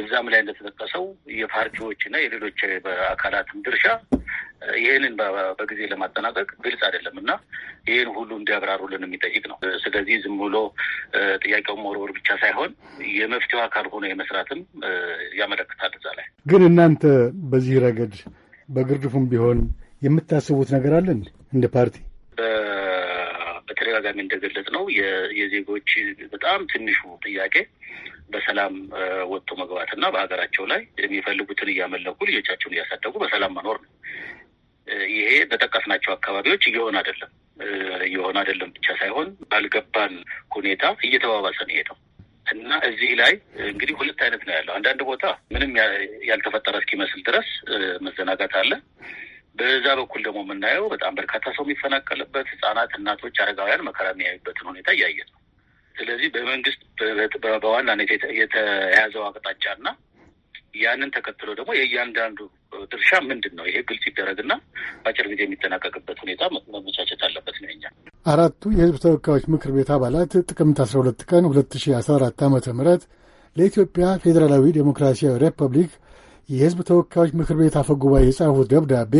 እዛም ላይ እንደተጠቀሰው የፓርቲዎች እና የሌሎች አካላትም ድርሻ ይህንን በጊዜ ለማጠናቀቅ ግልጽ አይደለም እና ይህን ሁሉ እንዲያብራሩልን የሚጠይቅ ነው። ስለዚህ ዝም ብሎ ጥያቄውን መወርወር ብቻ ሳይሆን የመፍትሄው አካል ሆኖ የመስራትም ያመለክታል። እዛ ላይ ግን እናንተ በዚህ ረገድ በግርድፉም ቢሆን የምታስቡት ነገር አለ እንደ ፓርቲ? በተደጋጋሚ እንደገለጽ ነው የዜጎች በጣም ትንሹ ጥያቄ በሰላም ወጥቶ መግባት እና በሀገራቸው ላይ የሚፈልጉትን እያመለኩ ልጆቻቸውን እያሳደጉ በሰላም መኖር ነው። ይሄ በጠቀስናቸው አካባቢዎች እየሆነ አይደለም። እየሆነ አይደለም ብቻ ሳይሆን ባልገባን ሁኔታ እየተባባሰ ነው የሄደው እና እዚህ ላይ እንግዲህ ሁለት አይነት ነው ያለው። አንዳንድ ቦታ ምንም ያልተፈጠረ እስኪመስል ድረስ መዘናጋት አለ። በዛ በኩል ደግሞ የምናየው በጣም በርካታ ሰው የሚፈናቀልበት ህጻናት፣ እናቶች፣ አረጋውያን መከራ የሚያዩበትን ሁኔታ እያየ ነው። ስለዚህ በመንግስት በዋናነት የተያዘው አቅጣጫ እና ያንን ተከትሎ ደግሞ የእያንዳንዱ ድርሻ ምንድን ነው? ይሄ ግልጽ ይደረግና በአጭር ጊዜ የሚጠናቀቅበት ሁኔታ መመቻቸት አለበት ነው። እኛ አራቱ የህዝብ ተወካዮች ምክር ቤት አባላት ጥቅምት አስራ ሁለት ቀን ሁለት ሺ አስራ አራት ለኢትዮጵያ ፌዴራላዊ ዴሞክራሲያዊ ሪፐብሊክ የሕዝብ ተወካዮች ምክር ቤት አፈ ጉባኤ የጻፉት ደብዳቤ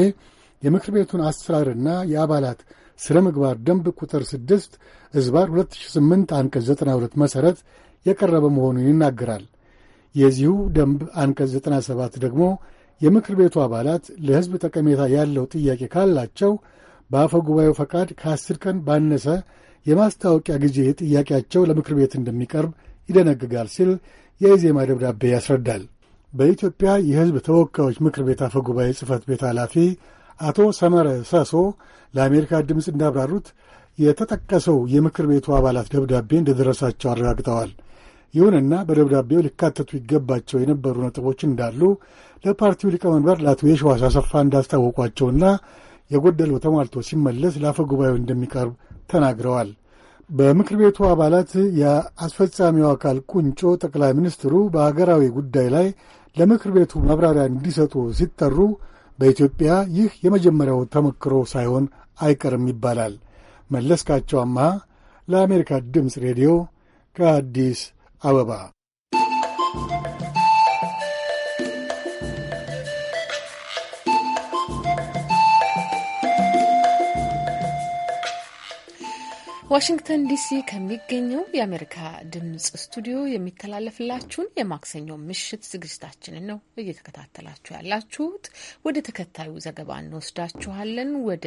የምክር ቤቱን አሰራርና የአባላት ሥነ ምግባር ደንብ ቁጥር 6 ዕዝባር 2008 አንቀጽ 92 መሠረት የቀረበ መሆኑን ይናገራል። የዚሁ ደንብ አንቀጽ 97 ደግሞ የምክር ቤቱ አባላት ለሕዝብ ጠቀሜታ ያለው ጥያቄ ካላቸው በአፈ ጉባኤው ፈቃድ ከአስር ቀን ባነሰ የማስታወቂያ ጊዜ ጥያቄያቸው ለምክር ቤት እንደሚቀርብ ይደነግጋል ሲል የኢዜማ ደብዳቤ ያስረዳል። በኢትዮጵያ የሕዝብ ተወካዮች ምክር ቤት አፈ ጉባኤ ጽህፈት ቤት ኃላፊ አቶ ሰመረ ሰሶ ለአሜሪካ ድምፅ እንዳብራሩት የተጠቀሰው የምክር ቤቱ አባላት ደብዳቤ እንደደረሳቸው አረጋግጠዋል። ይሁንና በደብዳቤው ሊካተቱ ይገባቸው የነበሩ ነጥቦች እንዳሉ ለፓርቲው ሊቀመንበር ለአቶ የሸዋስ አሰፋ እንዳስታወቋቸውና የጎደለው ተሟልቶ ሲመለስ ለአፈ ጉባኤው እንደሚቀርብ ተናግረዋል። በምክር ቤቱ አባላት የአስፈጻሚው አካል ቁንጮ ጠቅላይ ሚኒስትሩ በሀገራዊ ጉዳይ ላይ ለምክር ቤቱ ማብራሪያ እንዲሰጡ ሲጠሩ በኢትዮጵያ ይህ የመጀመሪያው ተሞክሮ ሳይሆን አይቀርም ይባላል። መለስካቸው አምሃ ለአሜሪካ ድምፅ ሬዲዮ ከአዲስ አበባ ዋሽንግተን ዲሲ ከሚገኘው የአሜሪካ ድምጽ ስቱዲዮ የሚተላለፍላችሁን የማክሰኞ ምሽት ዝግጅታችንን ነው እየተከታተላችሁ ያላችሁት። ወደ ተከታዩ ዘገባ እንወስዳችኋለን። ወደ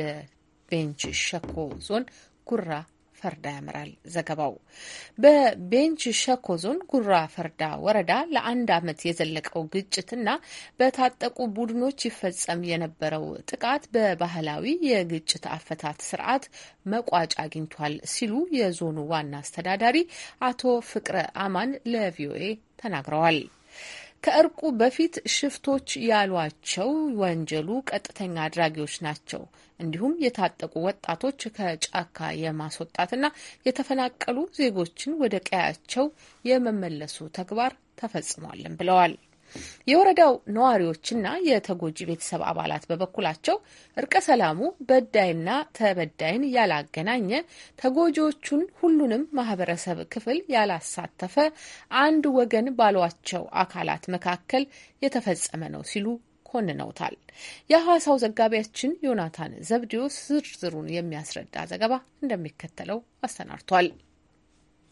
ቤንች ሸኮ ዞን ጉራ ፈርዳ ያምራል ዘገባው። በቤንች ሸኮ ዞን ጉራ ፈርዳ ወረዳ ለአንድ ዓመት የዘለቀው ግጭትና በታጠቁ ቡድኖች ይፈጸም የነበረው ጥቃት በባህላዊ የግጭት አፈታት ስርዓት መቋጫ አግኝቷል ሲሉ የዞኑ ዋና አስተዳዳሪ አቶ ፍቅረ አማን ለቪኦኤ ተናግረዋል። ከእርቁ በፊት ሽፍቶች ያሏቸው ወንጀሉ ቀጥተኛ አድራጊዎች ናቸው እንዲሁም የታጠቁ ወጣቶች ከጫካ የማስወጣትና የተፈናቀሉ ዜጎችን ወደ ቀያቸው የመመለሱ ተግባር ተፈጽሟልን ብለዋል። የወረዳው ነዋሪዎችና የተጎጂ ቤተሰብ አባላት በበኩላቸው እርቀ ሰላሙ በዳይና ተበዳይን ያላገናኘ ተጎጂዎቹን ሁሉንም ማህበረሰብ ክፍል ያላሳተፈ አንድ ወገን ባሏቸው አካላት መካከል የተፈጸመ ነው ሲሉ ኮንነውታል። የሐዋሳው ዘጋቢያችን ዮናታን ዘብዲዮስ ዝርዝሩን የሚያስረዳ ዘገባ እንደሚከተለው አሰናድቷል።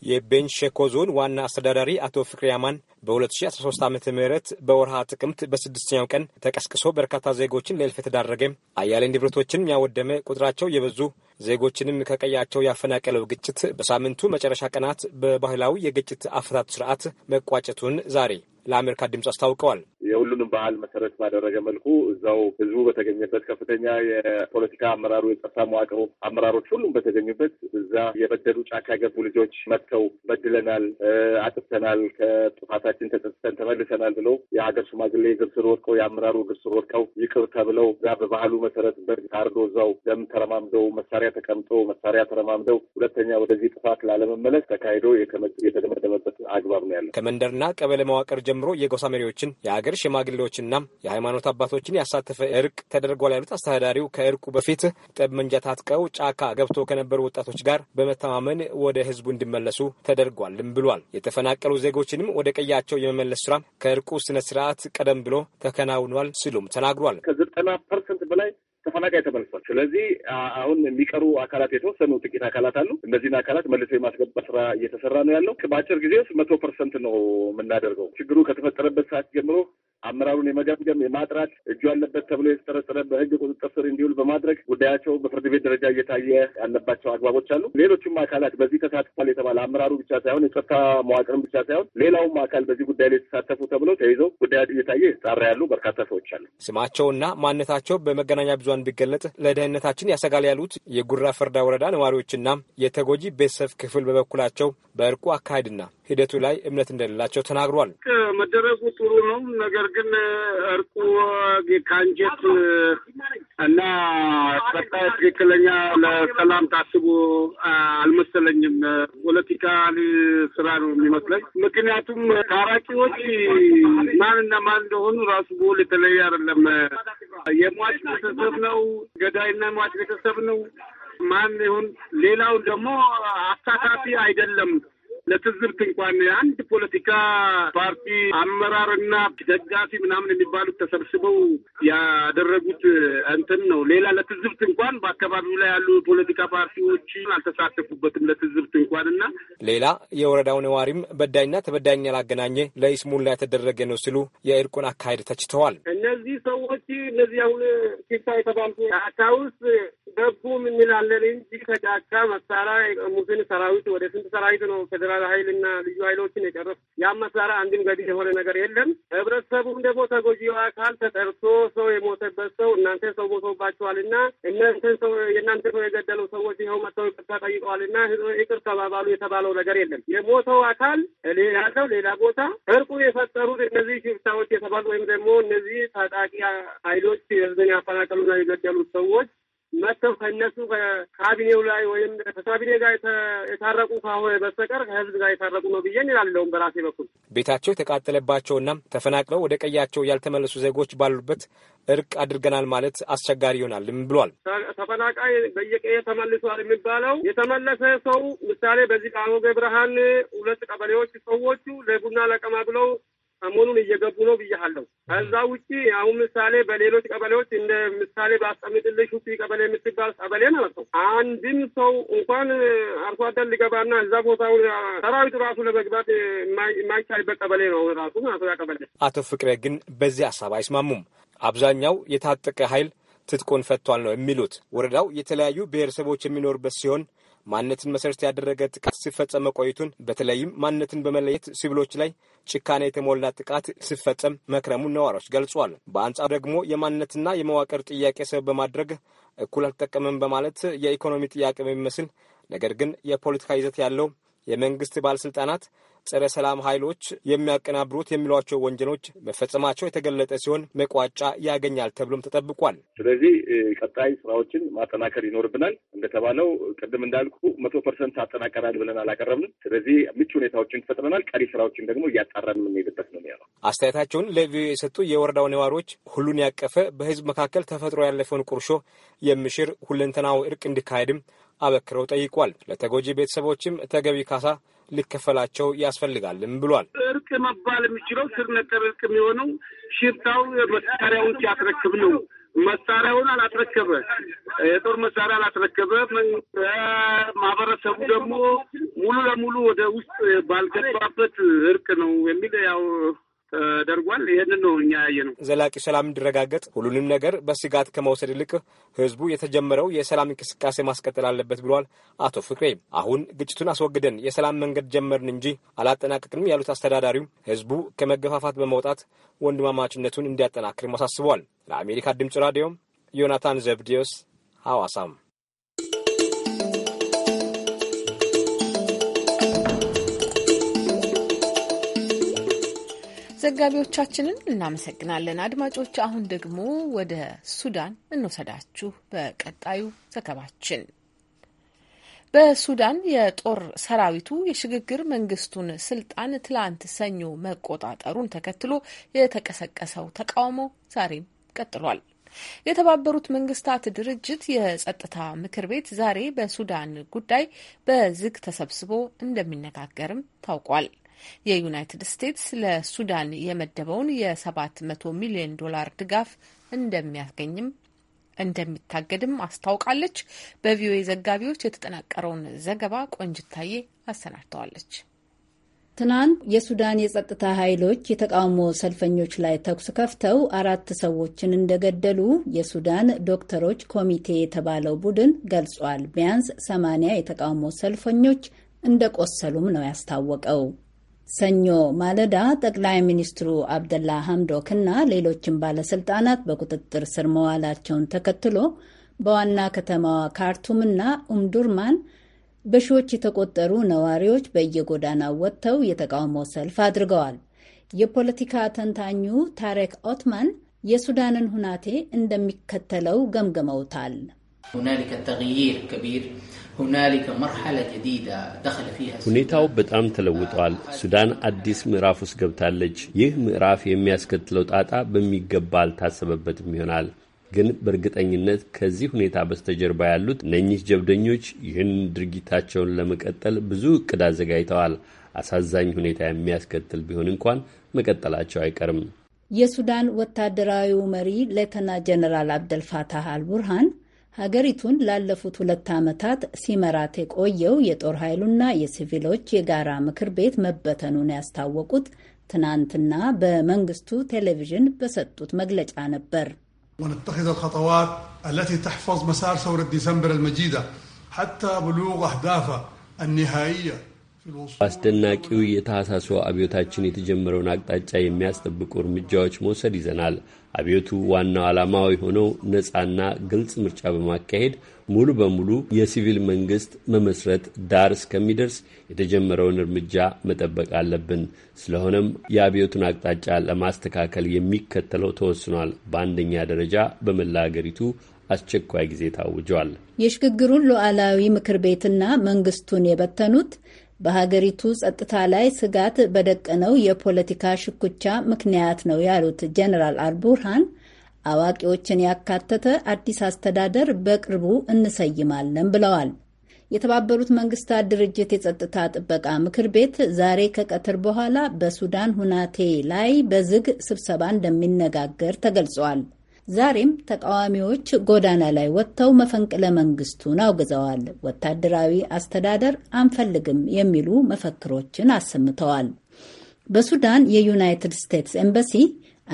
የቤንች ሸኮ ዞን ዋና አስተዳዳሪ አቶ ፍቅሪ አማን በ2013 ዓ ም በወርሃ ጥቅምት በስድስተኛው ቀን ተቀስቅሶ በርካታ ዜጎችን ለእልፍ የተዳረገ አያሌ ንብረቶችንም ያወደመ፣ ቁጥራቸው የበዙ ዜጎችንም ከቀያቸው ያፈናቀለው ግጭት በሳምንቱ መጨረሻ ቀናት በባህላዊ የግጭት አፈታት ስርዓት መቋጨቱን ዛሬ ለአሜሪካ ድምፅ አስታውቀዋል። የሁሉንም ባህል መሰረት ባደረገ መልኩ እዛው ህዝቡ በተገኘበት ከፍተኛ የፖለቲካ አመራሩ የጸጥታ መዋቅሩ አመራሮች ሁሉም በተገኙበት እዛ የበደሉ ጫካ የገቡ ልጆች መጥተው በድለናል፣ አጥፍተናል፣ ከጥፋታችን ተጸጽተን ተመልሰናል ብለው የሀገር ሽማግሌ እግር ስር ወድቀው የአመራሩ እግር ስር ወድቀው ይቅር ተብለው እዛ በባህሉ መሰረት በግ ታርዶ እዛው ደም ተረማምደው መሳሪያ ተቀምጦ መሳሪያ ተረማምደው ሁለተኛ ወደዚህ ጥፋት ላለመመለስ ተካሂዶ የተደመደመበት አግባብ ነው ያለው። ከመንደርና ቀበሌ መዋቅር ጀምሮ የጎሳ መሪዎችን የአገር በሀገር ሽማግሌዎችና የሃይማኖት አባቶችን ያሳተፈ እርቅ ተደርጓል ያሉት አስተዳዳሪው ከእርቁ በፊት ጠመንጃ ታጥቀው ጫካ ገብቶ ከነበሩ ወጣቶች ጋር በመተማመን ወደ ህዝቡ እንዲመለሱ ተደርጓልም ብሏል። የተፈናቀሉ ዜጎችንም ወደ ቀያቸው የመመለስ ስራ ከእርቁ ስነ ስርዓት ቀደም ብሎ ተከናውኗል ሲሉም ተናግሯል። ከዘጠና ፐርሰንት በላይ ተፈናቃይ ተመልሷል። ስለዚህ አሁን የሚቀሩ አካላት የተወሰኑ ጥቂት አካላት አሉ። እነዚህን አካላት መልሶ የማስገባት ስራ እየተሰራ ነው ያለው። በአጭር ጊዜ ውስጥ መቶ ፐርሰንት ነው የምናደርገው። ችግሩ ከተፈጠረበት ሰዓት ጀምሮ አመራሩን የመገምገም የማጥራት፣ እጁ ያለበት ተብሎ የተጠረጠረ በህግ ቁጥጥር ስር እንዲውል በማድረግ ጉዳያቸው በፍርድ ቤት ደረጃ እየታየ ያለባቸው አግባቦች አሉ። ሌሎችም አካላት በዚህ ተሳትፏል የተባለ አመራሩ ብቻ ሳይሆን የጸጥታ መዋቅርን ብቻ ሳይሆን ሌላውም አካል በዚህ ጉዳይ ላይ የተሳተፉ ተብለው ተይዘው ጉዳይ እየታየ ጣራ ያሉ በርካታ ሰዎች አሉ። ስማቸውና ማንነታቸው በመገናኛ ብዙ መያዟን ቢገለጥ ለደህንነታችን ያሰጋል ያሉት የጉራ ፈርዳ ወረዳ ነዋሪዎችና የተጎጂ ቤተሰብ ክፍል በበኩላቸው በእርቁ አካሄድና ሂደቱ ላይ እምነት እንደሌላቸው ተናግሯል። መደረጉ ጥሩ ነው። ነገር ግን እርቁ ከአንጀት እና ቀጣይ ትክክለኛ ለሰላም ታስቦ አልመሰለኝም። ፖለቲካል ስራ ነው የሚመስለኝ። ምክንያቱም ታራቂዎች ማንና ማን እንደሆኑ ራሱ ጎል የተለየ አይደለም። የሟች ቤተሰብ ነው? ገዳይና ሟች ቤተሰብ ነው? ማን ይሁን? ሌላው ደግሞ አሳታፊ አይደለም ለትዝብት እንኳን አንድ ፖለቲካ ፓርቲ አመራርና ደጋፊ ምናምን የሚባሉት ተሰብስበው ያደረጉት እንትን ነው። ሌላ ለትዝብት እንኳን በአካባቢው ላይ ያሉ የፖለቲካ ፓርቲዎች አልተሳተፉበትም ለትዝብት እንኳን እና ሌላ የወረዳው ነዋሪም በዳይና ተበዳኝ ያላገናኘ ለይስሙላ የተደረገ ነው ሲሉ የእርቁን አካሄድ ተችተዋል። እነዚህ ሰዎች እነዚህ አሁን ሲሳ የተባሉ ጫካ ውስጥ ገቡ እንላለን እንጂ ከጫካ መሳሪያ ሙስን ሰራዊት ወደ ስንት ሰራዊት ነው ፌዴራል ኃይልና ልዩ ኃይሎችን የጨረሱ ያም መሳሪያ አንድም ገቢ የሆነ ነገር የለም። ህብረተሰቡም ደግሞ ተጎጂው አካል ተጠርቶ ሰው የሞተበት ሰው እናንተ ሰው ሞቶባችኋልና እናንተን ሰው የእናንተ ሰው የገደለው ሰዎች ይኸው መጥተው ይቅርታ ጠይቀዋልና ይቅር ተባባሉ የተባለው ነገር የለም። የሞተው አካል ያለው ሌላ ቦታ እርቁ የፈጠሩት እነዚህ ሽፍታዎች የተባሉ ወይም ደግሞ እነዚህ ታጣቂ ኃይሎች ህዝብን ያፈናቀሉና የገደሉት ሰዎች መጥተው ከእነሱ ከካቢኔው ላይ ወይም ከካቢኔ ጋር የታረቁ ከሆነ በስተቀር ከህዝብ ጋር የታረቁ ነው ብዬን ይላለውም በራሴ በኩል። ቤታቸው የተቃጠለባቸውና ተፈናቅለው ወደ ቀያቸው ያልተመለሱ ዜጎች ባሉበት እርቅ አድርገናል ማለት አስቸጋሪ ይሆናልም ብሏል። ተፈናቃይ በየቀየ ተመልሷል የሚባለው የተመለሰ ሰው ምሳሌ በዚህ በአሞገ ብርሃን ሁለት ቀበሌዎች ሰዎቹ ለቡና ለቀማ ብለው ሰሞኑን እየገቡ ነው ብያለሁ። ከዛ ውጭ አሁን ምሳሌ በሌሎች ቀበሌዎች እንደ ምሳሌ በአስቀምጥልሽ ሹፒ ቀበሌ የምትባል ቀበሌ ማለት ነው አንድም ሰው እንኳን አርሶ አደር ሊገባና እዛ ቦታውን ሰራዊት ራሱ ለመግባት የማይቻልበት ቀበሌ ነው ራሱ ማለት ቀበሌ። አቶ ፍቅሬ ግን በዚህ ሀሳብ አይስማሙም። አብዛኛው የታጠቀ ኃይል ትጥቁን ፈቷል ነው የሚሉት። ወረዳው የተለያዩ ብሔረሰቦች የሚኖርበት ሲሆን ማንነትን መሰረት ያደረገ ጥቃት ሲፈጸም መቆየቱን በተለይም ማንነትን በመለየት ሲቪሎች ላይ ጭካኔ የተሞላ ጥቃት ሲፈጸም መክረሙን ነዋሪዎች ገልጿል። በአንጻሩ ደግሞ የማንነትና የመዋቅር ጥያቄ ሰበብ በማድረግ እኩል አልተጠቀምም በማለት የኢኮኖሚ ጥያቄ በሚመስል ነገር ግን የፖለቲካ ይዘት ያለው የመንግስት ባለስልጣናት ጸረ ሰላም ኃይሎች የሚያቀናብሩት የሚሏቸው ወንጀሎች መፈጸማቸው የተገለጠ ሲሆን መቋጫ ያገኛል ተብሎም ተጠብቋል። ስለዚህ ቀጣይ ስራዎችን ማጠናከር ይኖርብናል። እንደተባለው ቅድም እንዳልኩ መቶ ፐርሰንት አጠናቀናል ብለን አላቀረብንም። ስለዚህ ምቹ ሁኔታዎችን ፈጥረናል። ቀሪ ስራዎችን ደግሞ እያጣራን የምንሄድበት ነው የሚሆነው። አስተያየታቸውን ለቪኦኤ የሰጡ የወረዳው ነዋሪዎች ሁሉን ያቀፈ በህዝብ መካከል ተፈጥሮ ያለፈውን ቁርሾ የሚሽር ሁለንተናዊ እርቅ እንዲካሄድም አበክረው ጠይቋል። ለተጎጂ ቤተሰቦችም ተገቢ ካሳ ሊከፈላቸው ያስፈልጋልም ብሏል። እርቅ መባል የሚችለው ስር ነቀል እርቅ የሚሆነው ሽርታው መሳሪያውን ሲያስረክብ ነው። መሳሪያውን አላስረከበ፣ የጦር መሳሪያ አላስረከበ፣ ማህበረሰቡ ደግሞ ሙሉ ለሙሉ ወደ ውስጥ ባልገባበት እርቅ ነው የሚል ያው ተደርጓል። ይህንን ነው እኛ ያየ ነው። ዘላቂ ሰላም እንዲረጋገጥ ሁሉንም ነገር በስጋት ከመውሰድ ይልቅ ህዝቡ የተጀመረው የሰላም እንቅስቃሴ ማስቀጠል አለበት ብሏል አቶ ፍቅሬ። አሁን ግጭቱን አስወግደን የሰላም መንገድ ጀመርን እንጂ አላጠናቀቅንም ያሉት አስተዳዳሪው ህዝቡ ከመገፋፋት በመውጣት ወንድማማችነቱን እንዲያጠናክርም አሳስቧል። ለአሜሪካ ድምጽ ራዲዮም ዮናታን ዘብዲዮስ ሐዋሳም ዘጋቢዎቻችንን እናመሰግናለን። አድማጮች፣ አሁን ደግሞ ወደ ሱዳን እንውሰዳችሁ በቀጣዩ ዘገባችን። በሱዳን የጦር ሰራዊቱ የሽግግር መንግስቱን ስልጣን ትላንት ሰኞ መቆጣጠሩን ተከትሎ የተቀሰቀሰው ተቃውሞ ዛሬም ቀጥሏል። የተባበሩት መንግስታት ድርጅት የጸጥታ ምክር ቤት ዛሬ በሱዳን ጉዳይ በዝግ ተሰብስቦ እንደሚነጋገርም ታውቋል። የዩናይትድ ስቴትስ ለሱዳን የመደበውን የ700 ሚሊዮን ዶላር ድጋፍ እንደሚያገኝም እንደሚታገድም አስታውቃለች። በቪኦኤ ዘጋቢዎች የተጠናቀረውን ዘገባ ቆንጅታዬ አሰናድተዋለች። ትናንት የሱዳን የጸጥታ ኃይሎች የተቃውሞ ሰልፈኞች ላይ ተኩስ ከፍተው አራት ሰዎችን እንደገደሉ የሱዳን ዶክተሮች ኮሚቴ የተባለው ቡድን ገልጿል። ቢያንስ ሰማንያ የተቃውሞ ሰልፈኞች እንደቆሰሉም ነው ያስታወቀው። ሰኞ ማለዳ ጠቅላይ ሚኒስትሩ አብደላ ሐምዶክ እና ሌሎችም ባለስልጣናት በቁጥጥር ስር መዋላቸውን ተከትሎ በዋና ከተማዋ ካርቱም እና ኡምዱርማን በሺዎች የተቆጠሩ ነዋሪዎች በየጎዳናው ወጥተው የተቃውሞ ሰልፍ አድርገዋል። የፖለቲካ ተንታኙ ታሬክ ኦትማን የሱዳንን ሁናቴ እንደሚከተለው ገምግመውታል። هنالك تغيير كبير ሁኔታው በጣም ተለውጧል። ሱዳን አዲስ ምዕራፍ ውስጥ ገብታለች። ይህ ምዕራፍ የሚያስከትለው ጣጣ በሚገባ አልታሰበበትም ይሆናል። ግን በእርግጠኝነት ከዚህ ሁኔታ በስተጀርባ ያሉት እነኚህ ጀብደኞች ይህን ድርጊታቸውን ለመቀጠል ብዙ እቅድ አዘጋጅተዋል። አሳዛኝ ሁኔታ የሚያስከትል ቢሆን እንኳን መቀጠላቸው አይቀርም። የሱዳን ወታደራዊው መሪ ሌተና ጀነራል አብደልፋታህ አልቡርሃን ሀገሪቱን ላለፉት ሁለት ዓመታት ሲመራት የቆየው የጦር ኃይሉና የሲቪሎች የጋራ ምክር ቤት መበተኑን ያስታወቁት ትናንትና በመንግስቱ ቴሌቪዥን በሰጡት መግለጫ ነበር። ونتخذ الخطوات التي تحفظ مسار ثورة ديسمبر المجيدة حتى بلوغ أهدافها النهائية አስደናቂው የታህሳሱ አብዮታችን የተጀመረውን አቅጣጫ የሚያስጠብቁ እርምጃዎች መውሰድ ይዘናል። አብዮቱ ዋናው ዓላማው የሆነው ነፃና ግልጽ ምርጫ በማካሄድ ሙሉ በሙሉ የሲቪል መንግስት መመስረት ዳር እስከሚደርስ የተጀመረውን እርምጃ መጠበቅ አለብን። ስለሆነም የአብዮቱን አቅጣጫ ለማስተካከል የሚከተለው ተወስኗል። በአንደኛ ደረጃ በመላ አገሪቱ አስቸኳይ ጊዜ ታውጇል። የሽግግሩን ሉዓላዊ ምክር ቤትና መንግስቱን የበተኑት በሀገሪቱ ጸጥታ ላይ ስጋት በደቀነው የፖለቲካ ሽኩቻ ምክንያት ነው ያሉት ጀኔራል አልቡርሃን አዋቂዎችን ያካተተ አዲስ አስተዳደር በቅርቡ እንሰይማለን ብለዋል። የተባበሩት መንግስታት ድርጅት የጸጥታ ጥበቃ ምክር ቤት ዛሬ ከቀትር በኋላ በሱዳን ሁናቴ ላይ በዝግ ስብሰባ እንደሚነጋገር ተገልጿል። ዛሬም ተቃዋሚዎች ጎዳና ላይ ወጥተው መፈንቅለ መንግስቱን አውግዘዋል። ወታደራዊ አስተዳደር አንፈልግም የሚሉ መፈክሮችን አሰምተዋል። በሱዳን የዩናይትድ ስቴትስ ኤምባሲ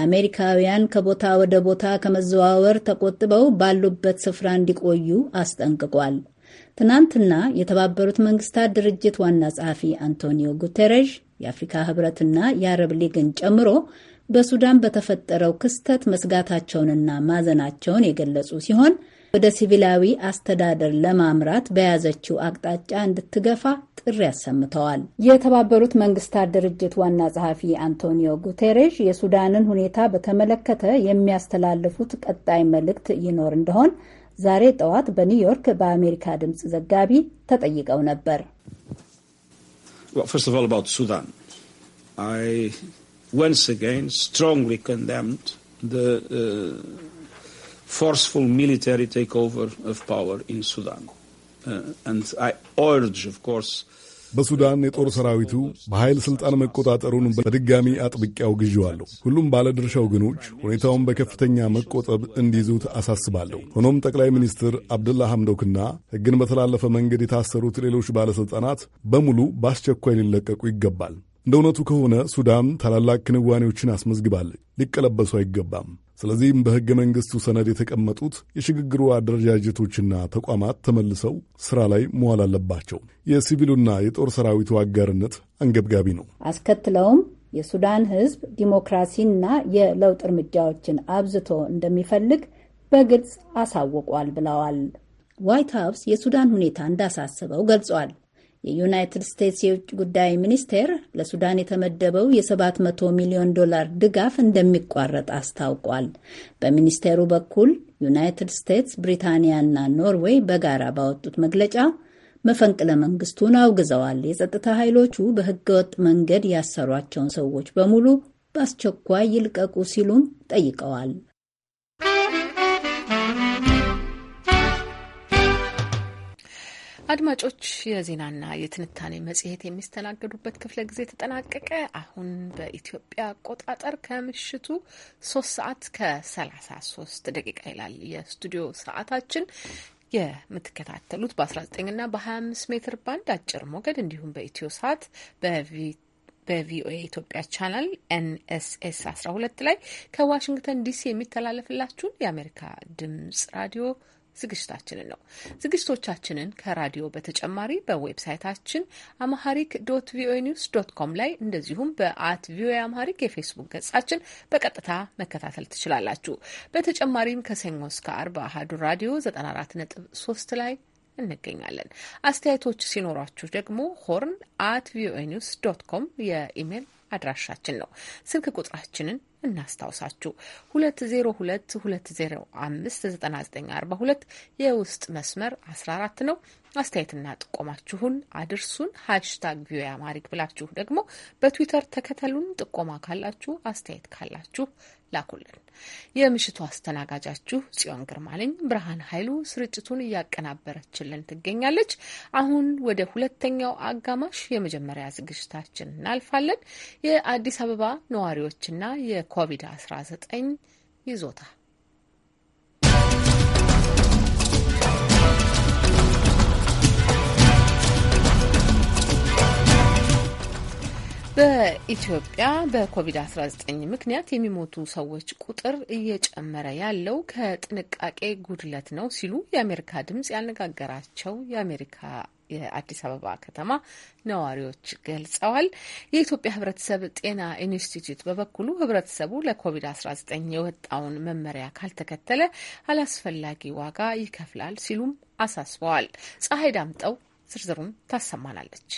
አሜሪካውያን ከቦታ ወደ ቦታ ከመዘዋወር ተቆጥበው ባሉበት ስፍራ እንዲቆዩ አስጠንቅቋል። ትናንትና የተባበሩት መንግስታት ድርጅት ዋና ጸሐፊ አንቶኒዮ ጉተረዥ፣ የአፍሪካ ህብረትና የአረብ ሊግን ጨምሮ በሱዳን በተፈጠረው ክስተት መስጋታቸውንና ማዘናቸውን የገለጹ ሲሆን ወደ ሲቪላዊ አስተዳደር ለማምራት በያዘችው አቅጣጫ እንድትገፋ ጥሪ አሰምተዋል። የተባበሩት መንግስታት ድርጅት ዋና ጸሐፊ አንቶኒዮ ጉቴሬሽ የሱዳንን ሁኔታ በተመለከተ የሚያስተላልፉት ቀጣይ መልእክት ይኖር እንደሆን ዛሬ ጠዋት በኒውዮርክ በአሜሪካ ድምፅ ዘጋቢ ተጠይቀው ነበር። once again strongly condemned the uh, forceful military takeover of power in Sudan. Uh, and I urge, of course, በሱዳን የጦር ሰራዊቱ በኃይል ሥልጣን መቆጣጠሩን በድጋሚ አጥብቄ አውግዤዋለሁ። ሁሉም ባለድርሻ ወገኖች ሁኔታውን በከፍተኛ መቆጠብ እንዲይዙት አሳስባለሁ። ሆኖም ጠቅላይ ሚኒስትር አብደላ ሐምዶክና ሕግን በተላለፈ መንገድ የታሰሩት ሌሎች ባለሥልጣናት በሙሉ በአስቸኳይ ሊለቀቁ ይገባል። እንደ እውነቱ ከሆነ ሱዳን ታላላቅ ክንዋኔዎችን አስመዝግባለች፣ ሊቀለበሱ አይገባም። ስለዚህም በሕገ መንግሥቱ ሰነድ የተቀመጡት የሽግግሩ አደረጃጀቶችና ተቋማት ተመልሰው ሥራ ላይ መዋል አለባቸው። የሲቪሉና የጦር ሰራዊቱ አጋርነት አንገብጋቢ ነው። አስከትለውም የሱዳን ሕዝብ ዲሞክራሲና የለውጥ እርምጃዎችን አብዝቶ እንደሚፈልግ በግልጽ አሳውቋል ብለዋል። ዋይት ሀውስ የሱዳን ሁኔታ እንዳሳስበው ገልጿል። የዩናይትድ ስቴትስ የውጭ ጉዳይ ሚኒስቴር ለሱዳን የተመደበው የ700 ሚሊዮን ዶላር ድጋፍ እንደሚቋረጥ አስታውቋል። በሚኒስቴሩ በኩል ዩናይትድ ስቴትስ፣ ብሪታንያና ኖርዌይ በጋራ ባወጡት መግለጫ መፈንቅለ መንግስቱን አውግዘዋል። የጸጥታ ኃይሎቹ በህገወጥ መንገድ ያሰሯቸውን ሰዎች በሙሉ በአስቸኳይ ይልቀቁ ሲሉም ጠይቀዋል። አድማጮች የዜናና የትንታኔ መጽሔት የሚስተናገዱበት ክፍለ ጊዜ ተጠናቀቀ። አሁን በኢትዮጵያ አቆጣጠር ከምሽቱ ሶስት ሰዓት ከሰላሳ ሶስት ደቂቃ ይላል የስቱዲዮ ሰዓታችን። የምትከታተሉት በ19ና በ25 ሜትር ባንድ አጭር ሞገድ እንዲሁም በኢትዮ ሰዓት በቪኦኤ ኢትዮጵያ ቻናል ኤንኤስኤስ 12 ላይ ከዋሽንግተን ዲሲ የሚተላለፍላችሁን የአሜሪካ ድምጽ ራዲዮ ዝግጅታችንን ነው። ዝግጅቶቻችንን ከራዲዮ በተጨማሪ በዌብሳይታችን አማሐሪክ ዶት ቪኦኤ ኒውስ ዶት ኮም ላይ እንደዚሁም በአት ቪኦኤ አማሃሪክ የፌስቡክ ገጻችን በቀጥታ መከታተል ትችላላችሁ። በተጨማሪም ከሰኞ እስከ አርብ አህዱ ራዲዮ 94.3 ላይ እንገኛለን። አስተያየቶች ሲኖሯችሁ ደግሞ ሆርን አት ቪኦኤ ኒውስ ዶት ኮም የኢሜል አድራሻችን ነው። ስልክ ቁጥራችንን እናስታውሳችሁ 2022059942 የውስጥ መስመር 14 ነው። አስተያየትና ጥቆማችሁን አድርሱን። ሃሽታግ ቪኦኤ አማሪክ ብላችሁ ደግሞ በትዊተር ተከተሉን። ጥቆማ ካላችሁ፣ አስተያየት ካላችሁ ላኩልን። የምሽቱ አስተናጋጃችሁ ጽዮን ግርማ ነኝ። ብርሃን ኃይሉ ስርጭቱን እያቀናበረችልን ትገኛለች። አሁን ወደ ሁለተኛው አጋማሽ የመጀመሪያ ዝግጅታችን እናልፋለን። የአዲስ አበባ ነዋሪዎችና የኮቪድ-19 ይዞታ በኢትዮጵያ በኮቪድ-19 ምክንያት የሚሞቱ ሰዎች ቁጥር እየጨመረ ያለው ከጥንቃቄ ጉድለት ነው ሲሉ የአሜሪካ ድምጽ ያነጋገራቸው የአሜሪካ የአዲስ አበባ ከተማ ነዋሪዎች ገልጸዋል። የኢትዮጵያ ሕብረተሰብ ጤና ኢንስቲትዩት በበኩሉ ሕብረተሰቡ ለኮቪድ-19 የወጣውን መመሪያ ካልተከተለ አላስፈላጊ ዋጋ ይከፍላል ሲሉም አሳስበዋል። ፀሐይ ዳምጠው ዝርዝሩን ታሰማናለች።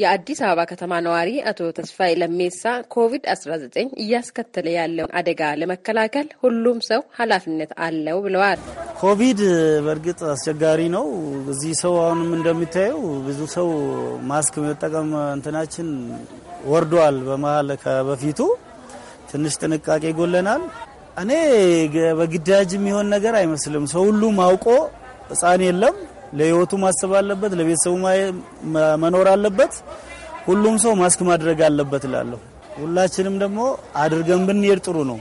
የአዲስ አበባ ከተማ ነዋሪ አቶ ተስፋዬ ለሜሳ ኮቪድ-19 እያስከተለ ያለውን አደጋ ለመከላከል ሁሉም ሰው ኃላፊነት አለው ብለዋል። ኮቪድ በእርግጥ አስቸጋሪ ነው። እዚህ ሰው አሁንም እንደሚታየው ብዙ ሰው ማስክ መጠቀም እንትናችን ወርዷል። በመሀል ከበፊቱ ትንሽ ጥንቃቄ ይጎለናል። እኔ በግዳጅ የሚሆን ነገር አይመስልም። ሰው ሁሉም አውቆ ህፃን የለም ለህይወቱ ማሰብ አለበት፣ ለቤተሰቡ መኖር አለበት። ሁሉም ሰው ማስክ ማድረግ አለበት እላለሁ። ሁላችንም ደግሞ አድርገን ብንሄድ ጥሩ ነው።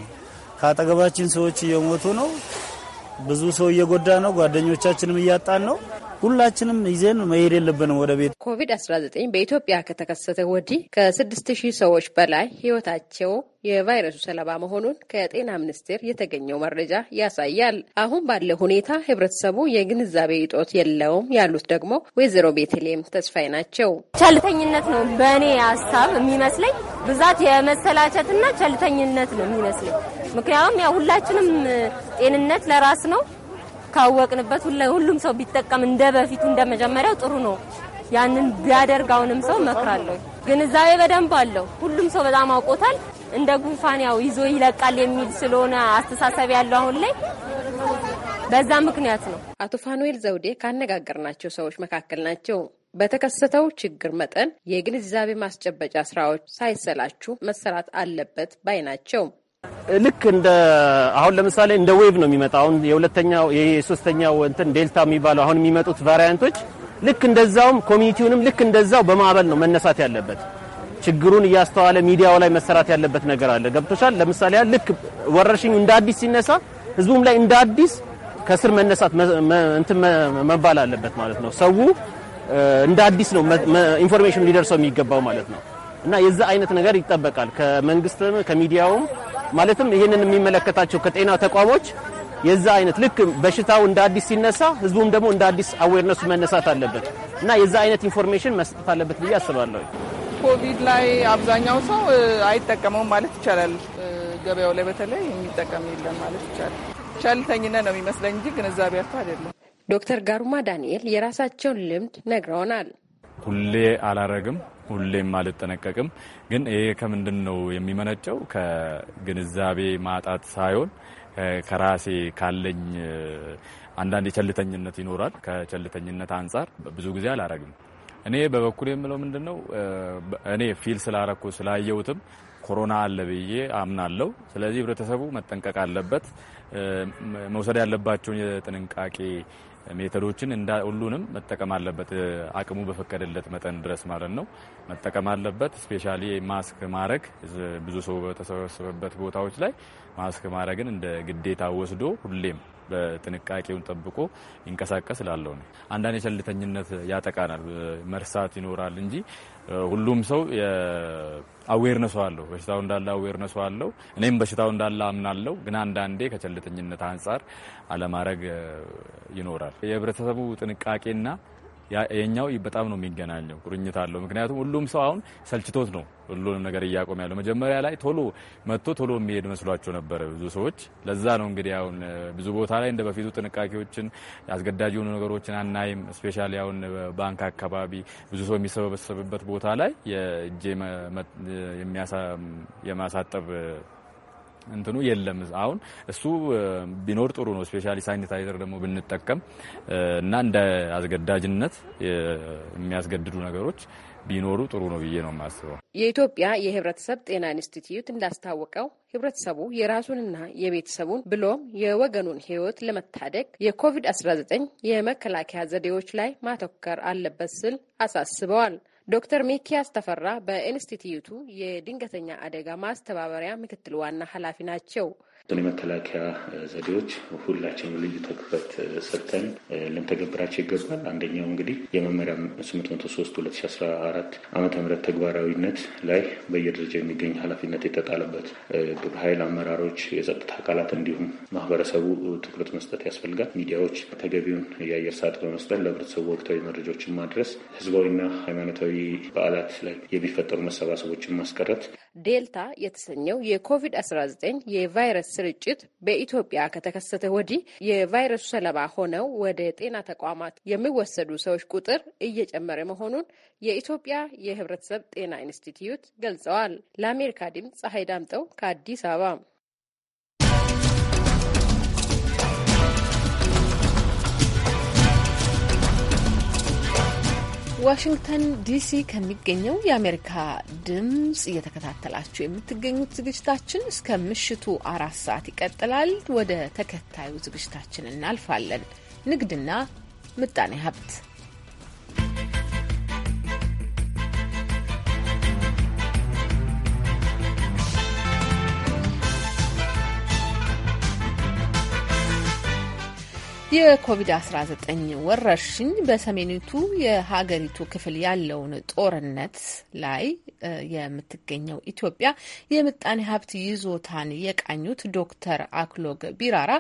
ከአጠገባችን ሰዎች እየሞቱ ነው። ብዙ ሰው እየጎዳ ነው። ጓደኞቻችንም እያጣን ነው። ሁላችንም ይዘን መሄድ የለብንም ወደ ቤት። ኮቪድ-19 በኢትዮጵያ ከተከሰተ ወዲህ ከስድስት ሺህ ሰዎች በላይ ህይወታቸው የቫይረሱ ሰለባ መሆኑን ከጤና ሚኒስቴር የተገኘው መረጃ ያሳያል። አሁን ባለው ሁኔታ ህብረተሰቡ የግንዛቤ እጦት የለውም ያሉት ደግሞ ወይዘሮ ቤተልሔም ተስፋዬ ናቸው። ቸልተኝነት ነው በእኔ ሀሳብ የሚመስለኝ ብዛት የመሰላቸትና ቸልተኝነት ነው የሚመስለኝ። ምክንያቱም ያው ሁላችንም ጤንነት ለራስ ነው ካወቅንበት ሁሉም ሰው ቢጠቀም እንደ በፊቱ እንደ መጀመሪያው ጥሩ ነው። ያንን ቢያደርግ አሁንም ሰው መክራለሁ። ግንዛቤ በደንብ አለው። ሁሉም ሰው በጣም አውቆታል። እንደ ጉንፋን ያው ይዞ ይለቃል የሚል ስለሆነ አስተሳሰብ ያለው አሁን ላይ በዛ ምክንያት ነው። አቶ ፋኑኤል ዘውዴ ካነጋገርናቸው ሰዎች መካከል ናቸው። በተከሰተው ችግር መጠን የግንዛቤ ማስጨበጫ ስራዎች ሳይሰላችሁ መሰራት አለበት ባይ ናቸው። ልክ እንደ አሁን ለምሳሌ እንደ ዌቭ ነው የሚመጣው። አሁን የሁለተኛው የሶስተኛው እንትን ዴልታ የሚባለው አሁን የሚመጡት ቫሪያንቶች ልክ እንደዛውም ኮሚኒቲውንም ልክ እንደዛው በማዕበል ነው መነሳት ያለበት። ችግሩን እያስተዋለ ሚዲያው ላይ መሰራት ያለበት ነገር አለ። ገብቶሻል? ለምሳሌ ልክ ወረርሽኙ እንደ አዲስ ሲነሳ ህዝቡም ላይ እንደ አዲስ ከስር መነሳት እንትን መባል አለበት ማለት ነው። ሰው እንደ አዲስ ነው ኢንፎርሜሽን ሊደርሰው የሚገባው ማለት ነው። እና የዛ አይነት ነገር ይጠበቃል ከመንግስትም ከሚዲያውም ማለትም ይህንን የሚመለከታቸው ከጤና ተቋሞች የዛ አይነት ልክ በሽታው እንደ አዲስ ሲነሳ ህዝቡም ደግሞ እንደ አዲስ አዌርነሱ መነሳት አለበት እና የዛ አይነት ኢንፎርሜሽን መስጠት አለበት ብዬ አስባለሁ። ኮቪድ ላይ አብዛኛው ሰው አይጠቀመውም ማለት ይቻላል። ገበያው ላይ በተለይ የሚጠቀም የለም ማለት ይቻላል። ቸልተኝነት ነው የሚመስለኝ እንጂ ግንዛቤ አይደለም። ዶክተር ጋሩማ ዳንኤል የራሳቸውን ልምድ ነግረውናል። ሁሌ አላረግም ሁሌም አልጠነቀቅም። ግን ይሄ ከምንድን ነው የሚመነጨው? ከግንዛቤ ማጣት ሳይሆን ከራሴ ካለኝ አንዳንድ የቸልተኝነት ይኖራል። ከቸልተኝነት አንጻር ብዙ ጊዜ አላረግም። እኔ በበኩል የምለው ምንድን ነው እኔ ፊል ስላረኩ ስላየሁትም ኮሮና አለ ብዬ አምናለሁ። ስለዚህ ህብረተሰቡ መጠንቀቅ አለበት። መውሰድ ያለባቸውን የጥንቃቄ ሜተዶችን እንዳ ሁሉንም መጠቀም አለበት። አቅሙ በፈቀደለት መጠን ድረስ ማለት ነው መጠቀም አለበት። ስፔሻሊ ማስክ ማድረግ ብዙ ሰው በተሰበሰበበት ቦታዎች ላይ ማስክ ማድረግን እንደ ግዴታ ወስዶ ሁሌም በጥንቃቄውን ጠብቆ ይንቀሳቀስ ላለው ነው። አንዳንድ የቸልተኝነት ያጠቃናል፣ መርሳት ይኖራል እንጂ ሁሉም ሰው አዌርነሱ አለው። በሽታው እንዳለ አዌርነሱ አለው። እኔም በሽታው እንዳለ አምናለው። ግን አንዳንዴ ከቸልተኝነት አንጻር አለማድረግ ይኖራል። የህብረተሰቡ ጥንቃቄና የኛው በጣም ነው የሚገናኘው፣ ቁርኝት አለው። ምክንያቱም ሁሉም ሰው አሁን ሰልችቶት ነው ሁሉንም ነገር እያቆም ያለው። መጀመሪያ ላይ ቶሎ መጥቶ ቶሎ የሚሄድ መስሏቸው ነበረ ብዙ ሰዎች። ለዛ ነው እንግዲህ አሁን ብዙ ቦታ ላይ እንደ በፊቱ ጥንቃቄዎችን አስገዳጅ የሆኑ ነገሮችን አናይም። ስፔሻሊ አሁን ባንክ አካባቢ ብዙ ሰው የሚሰበሰብበት ቦታ ላይ የእጄ የማሳጠብ እንትኑ የለም። አሁን እሱ ቢኖር ጥሩ ነው። ስፔሻሊ ሳኒታይዘር ደግሞ ብንጠቀም እና እንደ አስገዳጅነት የሚያስገድዱ ነገሮች ቢኖሩ ጥሩ ነው ብዬ ነው የማስበው። የኢትዮጵያ የሕብረተሰብ ጤና ኢንስቲትዩት እንዳስታወቀው ሕብረተሰቡ የራሱንና የቤተሰቡን ብሎም የወገኑን ሕይወት ለመታደግ የኮቪድ-19 የመከላከያ ዘዴዎች ላይ ማተኮር አለበት ስል አሳስበዋል። ዶክተር ሚኪያስ ተፈራ በኢንስቲትዩቱ የድንገተኛ አደጋ ማስተባበሪያ ምክትል ዋና ኃላፊ ናቸው። መከላከያ ዘዴዎች ሁላችንም ልዩ ትኩረት ሰጥተን ልንተገብራቸው ይገባል። አንደኛው እንግዲህ የመመሪያ 803 2014 ዓመ ምህረት ተግባራዊነት ላይ በየደረጃው የሚገኝ ኃላፊነት የተጣለበት ግብረ ኃይል አመራሮች፣ የጸጥታ አካላት እንዲሁም ማህበረሰቡ ትኩረት መስጠት ያስፈልጋል። ሚዲያዎች ተገቢውን የአየር ሰዓት በመስጠት ለህብረተሰቡ ወቅታዊ መረጃዎችን ማድረስ፣ ህዝባዊና ሃይማኖታዊ በዓላት ላይ የሚፈጠሩ መሰባሰቦችን ማስቀረት ዴልታ የተሰኘው የኮቪድ-19 የቫይረስ ስርጭት በኢትዮጵያ ከተከሰተ ወዲህ የቫይረሱ ሰለባ ሆነው ወደ ጤና ተቋማት የሚወሰዱ ሰዎች ቁጥር እየጨመረ መሆኑን የኢትዮጵያ የሕብረተሰብ ጤና ኢንስቲትዩት ገልጸዋል። ለአሜሪካ ድምፅ ፀሐይ ዳምጠው ከአዲስ አበባ ዋሽንግተን ዲሲ ከሚገኘው የአሜሪካ ድምፅ እየተከታተላችሁ የምትገኙት ዝግጅታችን እስከ ምሽቱ አራት ሰዓት ይቀጥላል። ወደ ተከታዩ ዝግጅታችን እናልፋለን። ንግድና ምጣኔ ሀብት የኮቪድ-19 ወረርሽኝ በሰሜኒቱ የሀገሪቱ ክፍል ያለውን ጦርነት ላይ የምትገኘው ኢትዮጵያ የምጣኔ ሀብት ይዞታን የቃኙት ዶክተር አክሎግ ቢራራ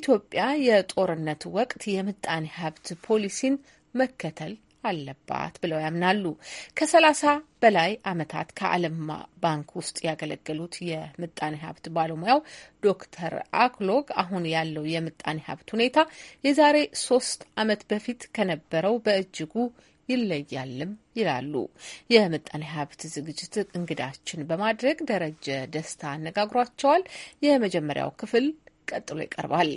ኢትዮጵያ የጦርነት ወቅት የምጣኔ ሀብት ፖሊሲን መከተል አለባት ብለው ያምናሉ። ከሰላሳ በላይ ዓመታት ከዓለም ባንክ ውስጥ ያገለገሉት የምጣኔ ሀብት ባለሙያው ዶክተር አክሎግ አሁን ያለው የምጣኔ ሀብት ሁኔታ የዛሬ ሶስት ዓመት በፊት ከነበረው በእጅጉ ይለያልም ይላሉ። የምጣኔ ሀብት ዝግጅት እንግዳችን በማድረግ ደረጀ ደስታ አነጋግሯቸዋል። የመጀመሪያው ክፍል ቀጥሎ ይቀርባል።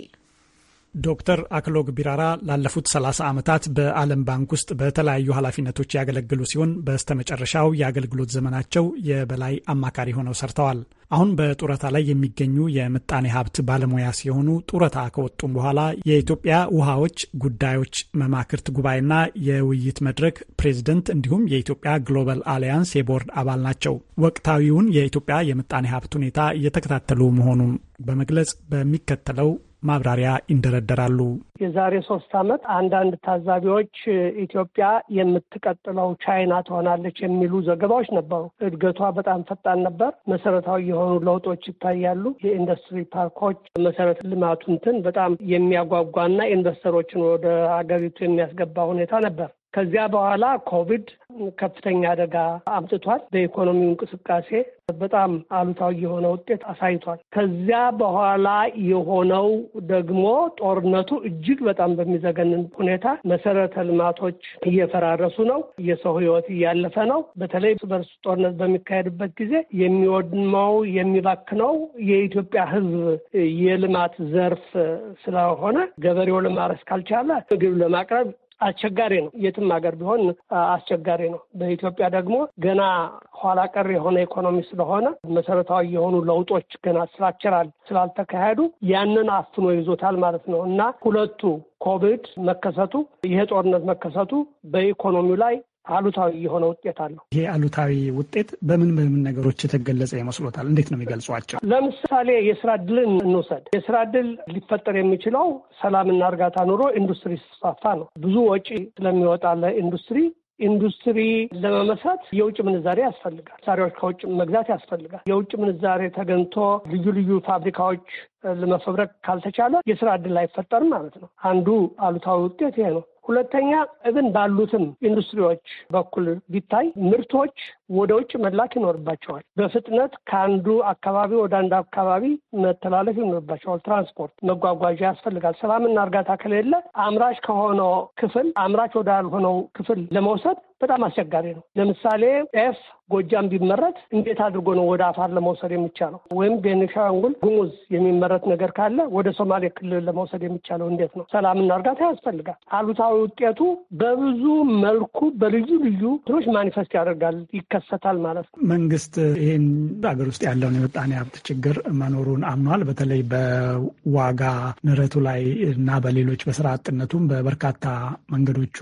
ዶክተር አክሎግ ቢራራ ላለፉት 30 ዓመታት በዓለም ባንክ ውስጥ በተለያዩ ኃላፊነቶች ያገለገሉ ሲሆን በስተመጨረሻው የአገልግሎት ዘመናቸው የበላይ አማካሪ ሆነው ሰርተዋል። አሁን በጡረታ ላይ የሚገኙ የምጣኔ ሀብት ባለሙያ ሲሆኑ ጡረታ ከወጡም በኋላ የኢትዮጵያ ውሃዎች ጉዳዮች መማክርት ጉባኤና የውይይት መድረክ ፕሬዝደንት እንዲሁም የኢትዮጵያ ግሎባል አሊያንስ የቦርድ አባል ናቸው። ወቅታዊውን የኢትዮጵያ የምጣኔ ሀብት ሁኔታ እየተከታተሉ መሆኑን በመግለጽ በሚከተለው ማብራሪያ ይንደረደራሉ። የዛሬ ሶስት ዓመት አንዳንድ ታዛቢዎች ኢትዮጵያ የምትቀጥለው ቻይና ትሆናለች የሚሉ ዘገባዎች ነበሩ። እድገቷ በጣም ፈጣን ነበር። መሰረታዊ የሆኑ ለውጦች ይታያሉ። የኢንዱስትሪ ፓርኮች፣ መሰረተ ልማቱ በጣም የሚያጓጓና ኢንቨስተሮችን ወደ አገሪቱ የሚያስገባ ሁኔታ ነበር። ከዚያ በኋላ ኮቪድ ከፍተኛ አደጋ አምጥቷል። በኢኮኖሚው እንቅስቃሴ በጣም አሉታዊ የሆነ ውጤት አሳይቷል። ከዚያ በኋላ የሆነው ደግሞ ጦርነቱ እጅግ በጣም በሚዘገንን ሁኔታ መሰረተ ልማቶች እየፈራረሱ ነው። የሰው ሕይወት እያለፈ ነው። በተለይ በርሱ ጦርነት በሚካሄድበት ጊዜ የሚወድመው የሚባክነው የኢትዮጵያ ሕዝብ የልማት ዘርፍ ስለሆነ ገበሬው ለማረስ ካልቻለ ምግብ ለማቅረብ አስቸጋሪ ነው። የትም ሀገር ቢሆን አስቸጋሪ ነው። በኢትዮጵያ ደግሞ ገና ኋላ ቀር የሆነ ኢኮኖሚ ስለሆነ መሰረታዊ የሆኑ ለውጦች ገና ስትራክቸራል ስላልተካሄዱ ያንን አፍኖ ይዞታል ማለት ነው እና ሁለቱ ኮቪድ መከሰቱ ይሄ ጦርነት መከሰቱ በኢኮኖሚው ላይ አሉታዊ የሆነ ውጤት አለው። ይሄ አሉታዊ ውጤት በምን በምን ነገሮች የተገለጸ ይመስሎታል? እንዴት ነው የሚገልጿቸው? ለምሳሌ የስራ እድልን እንውሰድ። የስራ እድል ሊፈጠር የሚችለው ሰላምና እርጋታ ኑሮ ኢንዱስትሪ ስፋፋ ነው። ብዙ ወጪ ስለሚወጣ ለኢንዱስትሪ ኢንዱስትሪ ለመመስረት የውጭ ምንዛሬ ያስፈልጋል። መሳሪያዎች ከውጭ መግዛት ያስፈልጋል። የውጭ ምንዛሬ ተገኝቶ ልዩ ልዩ ፋብሪካዎች ለመፈብረክ ካልተቻለ የስራ እድል አይፈጠርም ማለት ነው። አንዱ አሉታዊ ውጤት ይሄ ነው። ሁለተኛ እብን ባሉትም ኢንዱስትሪዎች በኩል ቢታይ ምርቶች ወደ ውጭ መላክ ይኖርባቸዋል። በፍጥነት ከአንዱ አካባቢ ወደ አንድ አካባቢ መተላለፍ ይኖርባቸዋል። ትራንስፖርት መጓጓዣ ያስፈልጋል። ሰላምና እርጋታ ከሌለ አምራች ከሆነው ክፍል አምራች ወዳልሆነው ክፍል ለመውሰድ በጣም አስቸጋሪ ነው። ለምሳሌ ጤፍ ጎጃም ቢመረት እንዴት አድርጎ ነው ወደ አፋር ለመውሰድ የሚቻለው? ወይም ቤኒሻንጉል ጉሙዝ የሚመረት ነገር ካለ ወደ ሶማሌ ክልል ለመውሰድ የሚቻለው እንዴት ነው? ሰላምና እርዳታ ያስፈልጋል። አሉታዊ ውጤቱ በብዙ መልኩ በልዩ ልዩ ትኖች ማኒፌስት ያደርጋል ይከሰታል ማለት ነው። መንግስት ይህን በሀገር ውስጥ ያለውን የምጣኔ ሀብት ችግር መኖሩን አምኗል። በተለይ በዋጋ ንረቱ ላይ እና በሌሎች በስራ አጥነቱም በበርካታ መንገዶቹ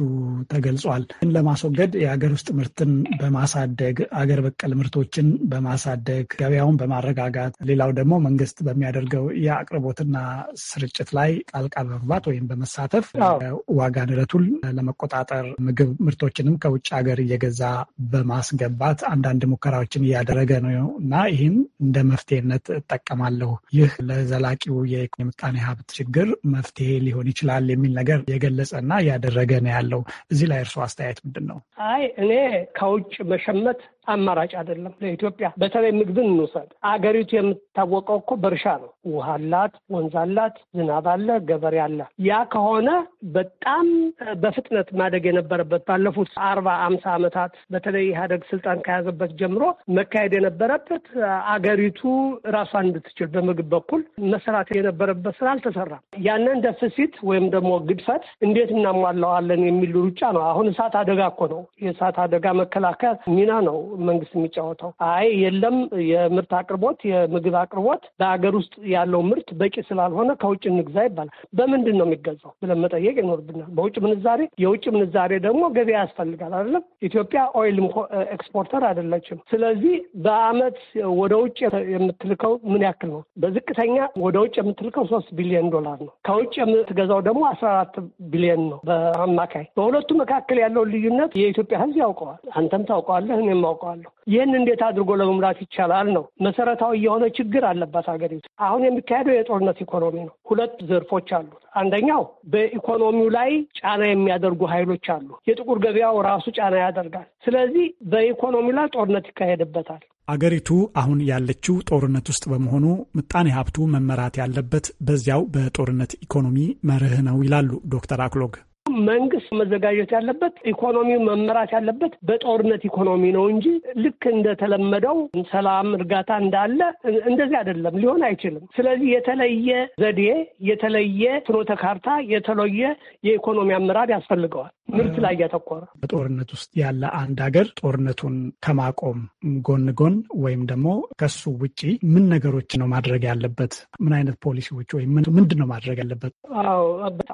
ተገልጿል። ለማስወገድ መንገድ የሀገር ውስጥ ምርትን በማሳደግ አገር በቀል ምርቶችን በማሳደግ ገበያውን በማረጋጋት ሌላው ደግሞ መንግስት በሚያደርገው የአቅርቦትና ስርጭት ላይ ጣልቃ በመግባት ወይም በመሳተፍ ዋጋ ንረቱን ለመቆጣጠር ምግብ ምርቶችንም ከውጭ ሀገር እየገዛ በማስገባት አንዳንድ ሙከራዎችን እያደረገ ነው እና ይህን እንደ መፍትሄነት እጠቀማለሁ። ይህ ለዘላቂው የምጣኔ ሀብት ችግር መፍትሄ ሊሆን ይችላል የሚል ነገር የገለጸ እና እያደረገ ነው ያለው። እዚህ ላይ እርሶ አስተያየት ምንድን ነው? አይ እኔ ከውጭ መሸመት አማራጭ አይደለም ለኢትዮጵያ። በተለይ ምግብን እንውሰድ። አገሪቱ የምትታወቀው እኮ በእርሻ ነው። ውሃ አላት፣ ወንዝ አላት፣ ዝናብ አለ፣ ገበሬ አለ። ያ ከሆነ በጣም በፍጥነት ማደግ የነበረበት ባለፉት አርባ አምሳ ዓመታት በተለይ ኢህአደግ ስልጣን ከያዘበት ጀምሮ መካሄድ የነበረበት አገሪቱ ራሷን እንድትችል በምግብ በኩል መሰራት የነበረበት ስራ አልተሰራም። ያንን ደፍሲት ወይም ደግሞ ግድፈት እንዴት እናሟላዋለን የሚል ሩጫ ነው። አሁን እሳት አደጋ እኮ ነው። የእሳት አደጋ መከላከያ ሚና ነው መንግስት የሚጫወተው? አይ የለም፣ የምርት አቅርቦት የምግብ አቅርቦት በሀገር ውስጥ ያለው ምርት በቂ ስላልሆነ ከውጭ እንግዛ ይባላል። በምንድን ነው የሚገዛው ብለን መጠየቅ ይኖርብናል። በውጭ ምንዛሬ፣ የውጭ ምንዛሬ ደግሞ ገበያ ያስፈልጋል አይደለም። ኢትዮጵያ ኦይል ኤክስፖርተር አይደለችም። ስለዚህ በአመት ወደ ውጭ የምትልከው ምን ያክል ነው? በዝቅተኛ ወደ ውጭ የምትልከው ሶስት ቢሊዮን ዶላር ነው። ከውጭ የምትገዛው ደግሞ አስራ አራት ቢሊዮን ነው በአማካይ። በሁለቱ መካከል ያለውን ልዩነት የኢትዮጵያ ህዝብ ያውቀዋል። አንተም ታውቀዋለህ፣ እኔም አውቀዋል። አውቀዋለሁ። ይህን እንዴት አድርጎ ለመምራት ይቻላል ነው መሰረታዊ የሆነ ችግር አለባት ሀገሪቱ። አሁን የሚካሄደው የጦርነት ኢኮኖሚ ነው። ሁለት ዘርፎች አሉት። አንደኛው በኢኮኖሚው ላይ ጫና የሚያደርጉ ኃይሎች አሉ። የጥቁር ገበያው ራሱ ጫና ያደርጋል። ስለዚህ በኢኮኖሚ ላይ ጦርነት ይካሄድበታል። አገሪቱ አሁን ያለችው ጦርነት ውስጥ በመሆኑ ምጣኔ ሀብቱ መመራት ያለበት በዚያው በጦርነት ኢኮኖሚ መርህ ነው ይላሉ ዶክተር አክሎግ። መንግስት መዘጋጀት ያለበት ኢኮኖሚው መመራት ያለበት በጦርነት ኢኮኖሚ ነው እንጂ ልክ እንደተለመደው ሰላም፣ እርጋታ እንዳለ እንደዚህ አይደለም፣ ሊሆን አይችልም። ስለዚህ የተለየ ዘዴ፣ የተለየ ፍኖተ ካርታ፣ የተለየ የኢኮኖሚ አመራር ያስፈልገዋል፣ ምርት ላይ ያተኮረ። በጦርነት ውስጥ ያለ አንድ ሀገር ጦርነቱን ከማቆም ጎን ጎን ወይም ደግሞ ከሱ ውጪ ምን ነገሮች ነው ማድረግ ያለበት? ምን አይነት ፖሊሲዎች ወይም ምንድን ነው ማድረግ ያለበት? አዎ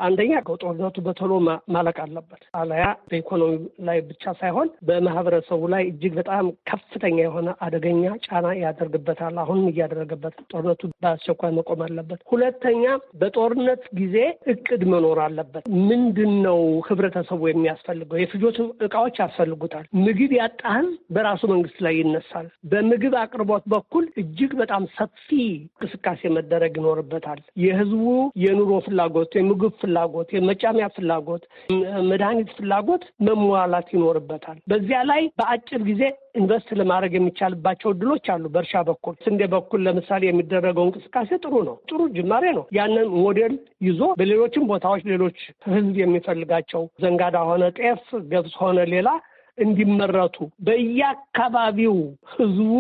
አንደኛ ከጦርነቱ በቶሎ ማለቅ አለበት። አለያ በኢኮኖሚ ላይ ብቻ ሳይሆን በማህበረሰቡ ላይ እጅግ በጣም ከፍተኛ የሆነ አደገኛ ጫና ያደርግበታል። አሁንም እያደረገበት፣ ጦርነቱ በአስቸኳይ መቆም አለበት። ሁለተኛ በጦርነት ጊዜ እቅድ መኖር አለበት። ምንድን ነው ህብረተሰቡ የሚያስፈልገው? የፍጆት እቃዎች ያስፈልጉታል። ምግብ ያጣ ህዝብ በራሱ መንግስት ላይ ይነሳል። በምግብ አቅርቦት በኩል እጅግ በጣም ሰፊ እንቅስቃሴ መደረግ ይኖርበታል። የህዝቡ የኑሮ ፍላጎት፣ የምግብ ፍላጎት፣ የመጫሚያ ፍላጎት አለበት። መድኃኒት ፍላጎት መሟላት ይኖርበታል። በዚያ ላይ በአጭር ጊዜ ኢንቨስት ለማድረግ የሚቻልባቸው እድሎች አሉ። በእርሻ በኩል ስንዴ በኩል ለምሳሌ የሚደረገው እንቅስቃሴ ጥሩ ነው፣ ጥሩ ጅማሬ ነው። ያንን ሞዴል ይዞ በሌሎችም ቦታዎች ሌሎች ህዝብ የሚፈልጋቸው ዘንጋዳ ሆነ ጤፍ፣ ገብስ ሆነ ሌላ እንዲመረቱ በየአካባቢው ህዝቡ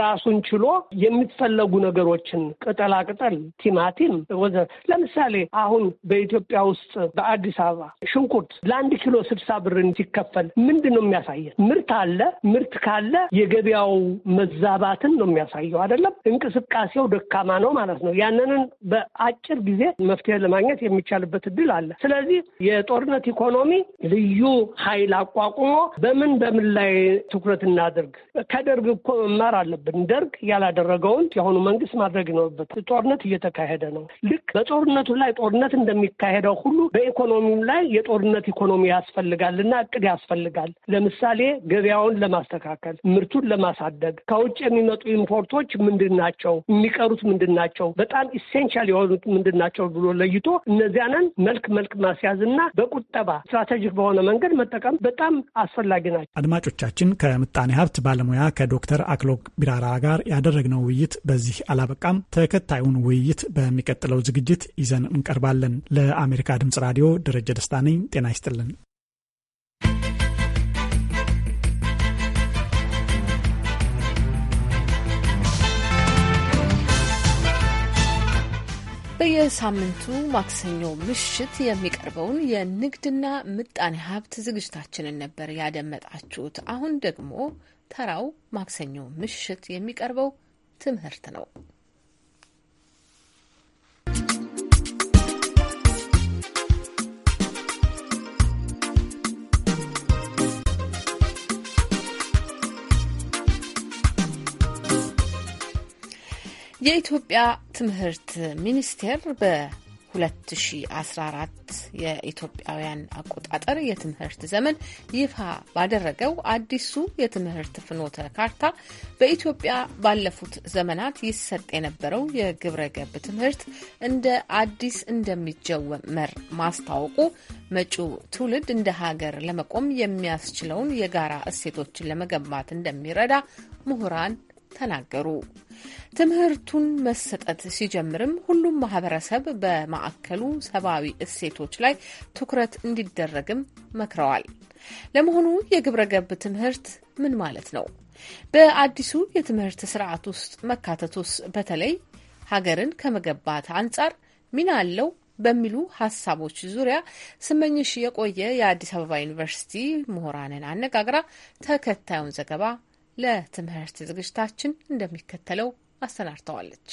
ራሱን ችሎ የሚፈለጉ ነገሮችን ቅጠላ ቅጠል፣ ቲማቲም ወዘ ለምሳሌ አሁን በኢትዮጵያ ውስጥ በአዲስ አበባ ሽንኩርት ለአንድ ኪሎ ስድሳ ብርን ሲከፈል ምንድን ነው የሚያሳየን? ምርት አለ። ምርት ካለ የገበያው መዛባትን ነው የሚያሳየው አይደለም። እንቅስቃሴው ደካማ ነው ማለት ነው። ያንንን በአጭር ጊዜ መፍትሄ ለማግኘት የሚቻልበት እድል አለ። ስለዚህ የጦርነት ኢኮኖሚ ልዩ ኃይል አቋቁሞ ለምን በምን ላይ ትኩረት እናድርግ? ከደርግ እኮ መማር አለብን። ደርግ ያላደረገውን የአሁኑ መንግስት ማድረግ ይኖርበት። ጦርነት እየተካሄደ ነው። ልክ በጦርነቱ ላይ ጦርነት እንደሚካሄደው ሁሉ በኢኮኖሚው ላይ የጦርነት ኢኮኖሚ ያስፈልጋል እና እቅድ ያስፈልጋል። ለምሳሌ ገበያውን ለማስተካከል፣ ምርቱን ለማሳደግ፣ ከውጭ የሚመጡ ኢምፖርቶች ምንድን ናቸው? የሚቀሩት ምንድን ናቸው? በጣም ኢሴንሻል የሆኑት ምንድን ናቸው ብሎ ለይቶ እነዚያንን መልክ መልክ ማስያዝ እና በቁጠባ ስትራቴጂክ በሆነ መንገድ መጠቀም በጣም አስፈላጊ ያድናቸው። አድማጮቻችን ከምጣኔ ሀብት ባለሙያ ከዶክተር አክሎግ ቢራራ ጋር ያደረግነው ውይይት በዚህ አላበቃም። ተከታዩን ውይይት በሚቀጥለው ዝግጅት ይዘን እንቀርባለን። ለአሜሪካ ድምጽ ራዲዮ ደረጀ ደስታ ነኝ። ጤና ይስጥልን። በየሳምንቱ ማክሰኞ ምሽት የሚቀርበውን የንግድና ምጣኔ ሀብት ዝግጅታችንን ነበር ያደመጣችሁት። አሁን ደግሞ ተራው ማክሰኞ ምሽት የሚቀርበው ትምህርት ነው። የኢትዮጵያ ትምህርት ሚኒስቴር በ2014 የኢትዮጵያውያን አቆጣጠር የትምህርት ዘመን ይፋ ባደረገው አዲሱ የትምህርት ፍኖተ ካርታ በኢትዮጵያ ባለፉት ዘመናት ይሰጥ የነበረው የግብረ ገብ ትምህርት እንደ አዲስ እንደሚጀመር ማስታወቁ መጪው ትውልድ እንደ ሀገር ለመቆም የሚያስችለውን የጋራ እሴቶችን ለመገንባት እንደሚረዳ ምሁራን ተናገሩ። ትምህርቱን መሰጠት ሲጀምርም ሁሉም ማህበረሰብ በማዕከሉ ሰብአዊ እሴቶች ላይ ትኩረት እንዲደረግም መክረዋል። ለመሆኑ የግብረ ገብ ትምህርት ምን ማለት ነው? በአዲሱ የትምህርት ስርዓት ውስጥ መካተቱስ በተለይ ሀገርን ከመገንባት አንጻር ሚና አለው በሚሉ ሀሳቦች ዙሪያ ስመኝሽ የቆየ የአዲስ አበባ ዩኒቨርሲቲ ምሁራንን አነጋግራ ተከታዩን ዘገባ ለትምህርት ዝግጅታችን እንደሚከተለው አሰናድተዋለች።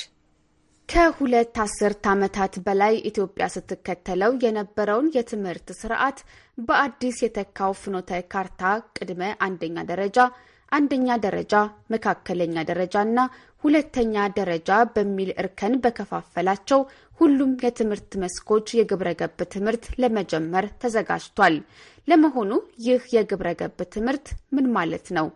ከሁለት አስርት ዓመታት በላይ ኢትዮጵያ ስትከተለው የነበረውን የትምህርት ስርዓት በአዲስ የተካው ፍኖተ ካርታ ቅድመ አንደኛ ደረጃ አንደኛ ደረጃ፣ መካከለኛ ደረጃ እና ሁለተኛ ደረጃ በሚል እርከን በከፋፈላቸው ሁሉም የትምህርት መስኮች የግብረ ገብ ትምህርት ለመጀመር ተዘጋጅቷል። ለመሆኑ ይህ የግብረ ገብ ትምህርት ምን ማለት ነው?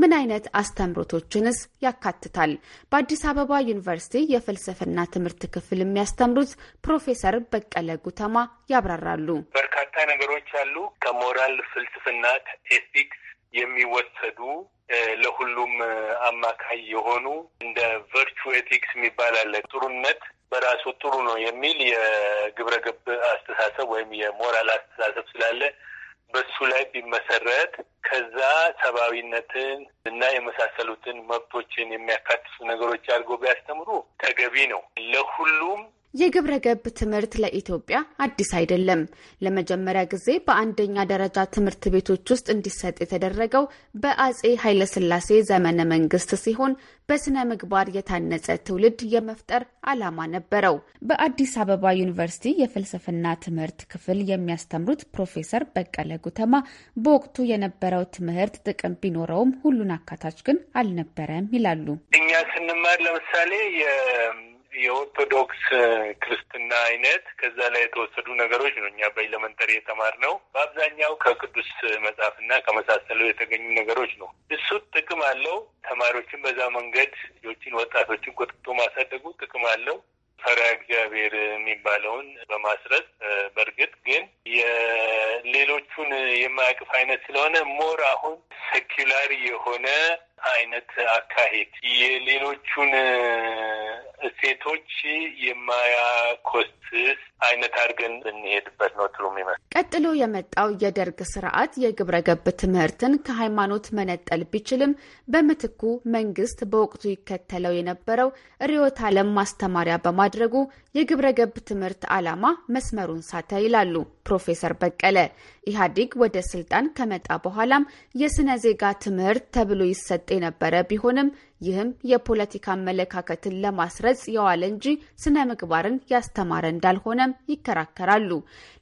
ምን አይነት አስተምሮቶችንስ ያካትታል? በአዲስ አበባ ዩኒቨርሲቲ የፍልስፍና ትምህርት ክፍል የሚያስተምሩት ፕሮፌሰር በቀለ ጉተማ ያብራራሉ። በርካታ ነገሮች አሉ። ከሞራል ፍልስፍና ከኤቲክስ የሚወሰዱ ለሁሉም አማካይ የሆኑ እንደ ቨርቹ ኤቲክስ የሚባል አለ። ጥሩነት በራሱ ጥሩ ነው የሚል የግብረ ገብ አስተሳሰብ ወይም የሞራል አስተሳሰብ ስላለ በሱ ላይ ቢመሰረት ከዛ ሰብአዊነትን እና የመሳሰሉትን መብቶችን የሚያካትቱ ነገሮች አድርጎ ቢያስተምሩ ተገቢ ነው ለሁሉም። የግብረ ገብ ትምህርት ለኢትዮጵያ አዲስ አይደለም። ለመጀመሪያ ጊዜ በአንደኛ ደረጃ ትምህርት ቤቶች ውስጥ እንዲሰጥ የተደረገው በአጼ ኃይለስላሴ ዘመነ መንግስት ሲሆን በስነ ምግባር የታነጸ ትውልድ የመፍጠር ዓላማ ነበረው። በአዲስ አበባ ዩኒቨርሲቲ የፍልስፍና ትምህርት ክፍል የሚያስተምሩት ፕሮፌሰር በቀለ ጉተማ በወቅቱ የነበረው ትምህርት ጥቅም ቢኖረውም ሁሉን አካታች ግን አልነበረም ይላሉ። እኛ ስንማር ለምሳሌ የኦርቶዶክስ ክርስትና አይነት ከዛ ላይ የተወሰዱ ነገሮች ነው። እኛ በኢለመንተሪ የተማርነው በአብዛኛው ከቅዱስ መጽሐፍና ከመሳሰሉ የተገኙ ነገሮች ነው። እሱ ጥቅም አለው። ተማሪዎችን በዛ መንገድ ልጆችን፣ ወጣቶችን ቆጥቶ ማሳደጉ ጥቅም አለው። ፈሪሃ እግዚአብሔር የሚባለውን በማስረጽ በእርግጥ ግን የሌሎቹን የማያቅፍ አይነት ስለሆነ ሞር አሁን ሴኪላር የሆነ አይነት አካሄድ የሌሎቹን እሴቶች የማያኮስስ አይነት አድርገን ብንሄድበት ነው ትሉ ይመስል። ቀጥሎ የመጣው የደርግ ስርዓት የግብረ ገብ ትምህርትን ከሃይማኖት መነጠል ቢችልም በምትኩ መንግስት በወቅቱ ይከተለው የነበረው ርዕዮተ ዓለም ማስተማሪያ በማድረጉ የግብረ ገብ ትምህርት ዓላማ መስመሩን ሳተ ይላሉ ፕሮፌሰር በቀለ። ኢህአዴግ ወደ ስልጣን ከመጣ በኋላም የስነ ዜጋ ትምህርት ተብሎ ይሰጥ የነበረ ቢሆንም ይህም የፖለቲካ አመለካከትን ለማስረጽ የዋለ እንጂ ስነ ምግባርን ያስተማረ እንዳልሆነም ይከራከራሉ።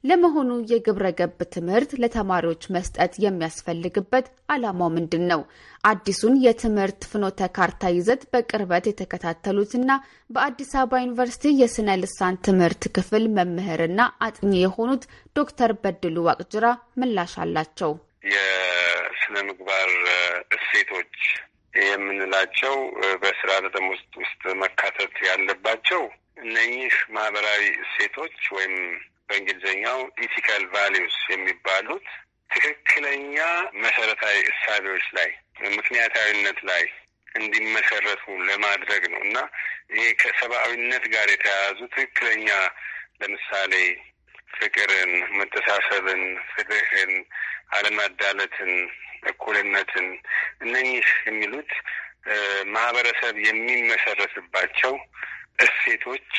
ለመሆኑ የግብረ ገብ ትምህርት ለተማሪዎች መስጠት የሚያስፈልግበት ዓላማው ምንድን ነው? አዲሱን የትምህርት ፍኖተ ካርታ ይዘት በቅርበት የተከታተሉትና በአዲስ አበባ ዩኒቨርሲቲ የስነ ልሳን ትምህርት ክፍል መምህርና አጥኚ የሆኑት ዶክተር በድሉ ዋቅጅራ ምላሽ አላቸው። የስነ ምግባር እሴቶች የምንላቸው በስራ ልጥምት ውስጥ መካተት ያለባቸው እነኚህ ማህበራዊ እሴቶች ወይም በእንግሊዝኛው ኢቲካል ቫሊዩስ የሚባሉት ትክክለኛ መሰረታዊ እሳቤዎች ላይ ምክንያታዊነት ላይ እንዲመሰረቱ ለማድረግ ነው እና ይሄ ከሰብአዊነት ጋር የተያያዙ ትክክለኛ ለምሳሌ ፍቅርን፣ መተሳሰብን፣ ፍትህን፣ አለማዳለትን፣ እኩልነትን እነኚህ የሚሉት ማህበረሰብ የሚመሰረትባቸው እሴቶች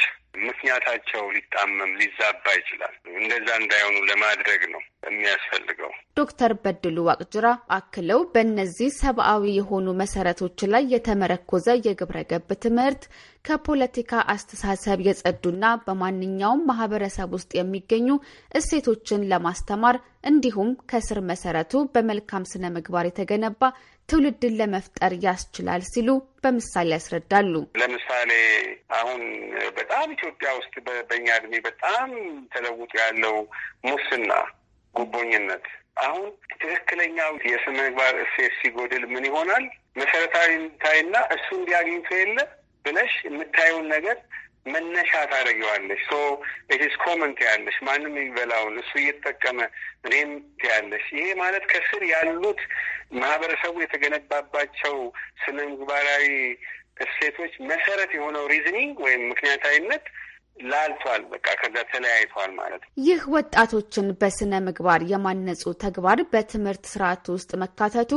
ምክንያታቸው ሊጣመም ሊዛባ ይችላል። እንደዛ እንዳይሆኑ ለማድረግ ነው የሚያስፈልገው። ዶክተር በድሉ ዋቅጅራ አክለው በእነዚህ ሰብአዊ የሆኑ መሰረቶች ላይ የተመረኮዘ የግብረ ገብ ትምህርት ከፖለቲካ አስተሳሰብ የጸዱና በማንኛውም ማህበረሰብ ውስጥ የሚገኙ እሴቶችን ለማስተማር እንዲሁም ከስር መሰረቱ በመልካም ስነ ምግባር የተገነባ ትውልድን ለመፍጠር ያስችላል ሲሉ በምሳሌ ያስረዳሉ። ለምሳሌ አሁን በጣም ኢትዮጵያ ውስጥ በኛ እድሜ በጣም ተለውጦ ያለው ሙስና፣ ጉቦኝነት አሁን ትክክለኛው የስነ ምግባር እሴት ሲጎድል ምን ይሆናል? መሰረታዊ ታይና እሱ እንዲያግኝቶ የለ ብለሽ የምታየውን ነገር መነሻ ታደርጊዋለሽ። ሶ ኢትስ ኮመን ትያለሽ። ማንም የሚበላውን እሱ እየተጠቀመ እኔም ትያለሽ። ይሄ ማለት ከስር ያሉት ማህበረሰቡ የተገነባባቸው ስነ ምግባራዊ እሴቶች መሰረት የሆነው ሪዝኒንግ ወይም ምክንያታዊነት ላልቷል። በቃ ከዛ ተለያይቷል ማለት ነው። ይህ ወጣቶችን በስነ ምግባር የማነጹ ተግባር በትምህርት ስርዓት ውስጥ መካተቱ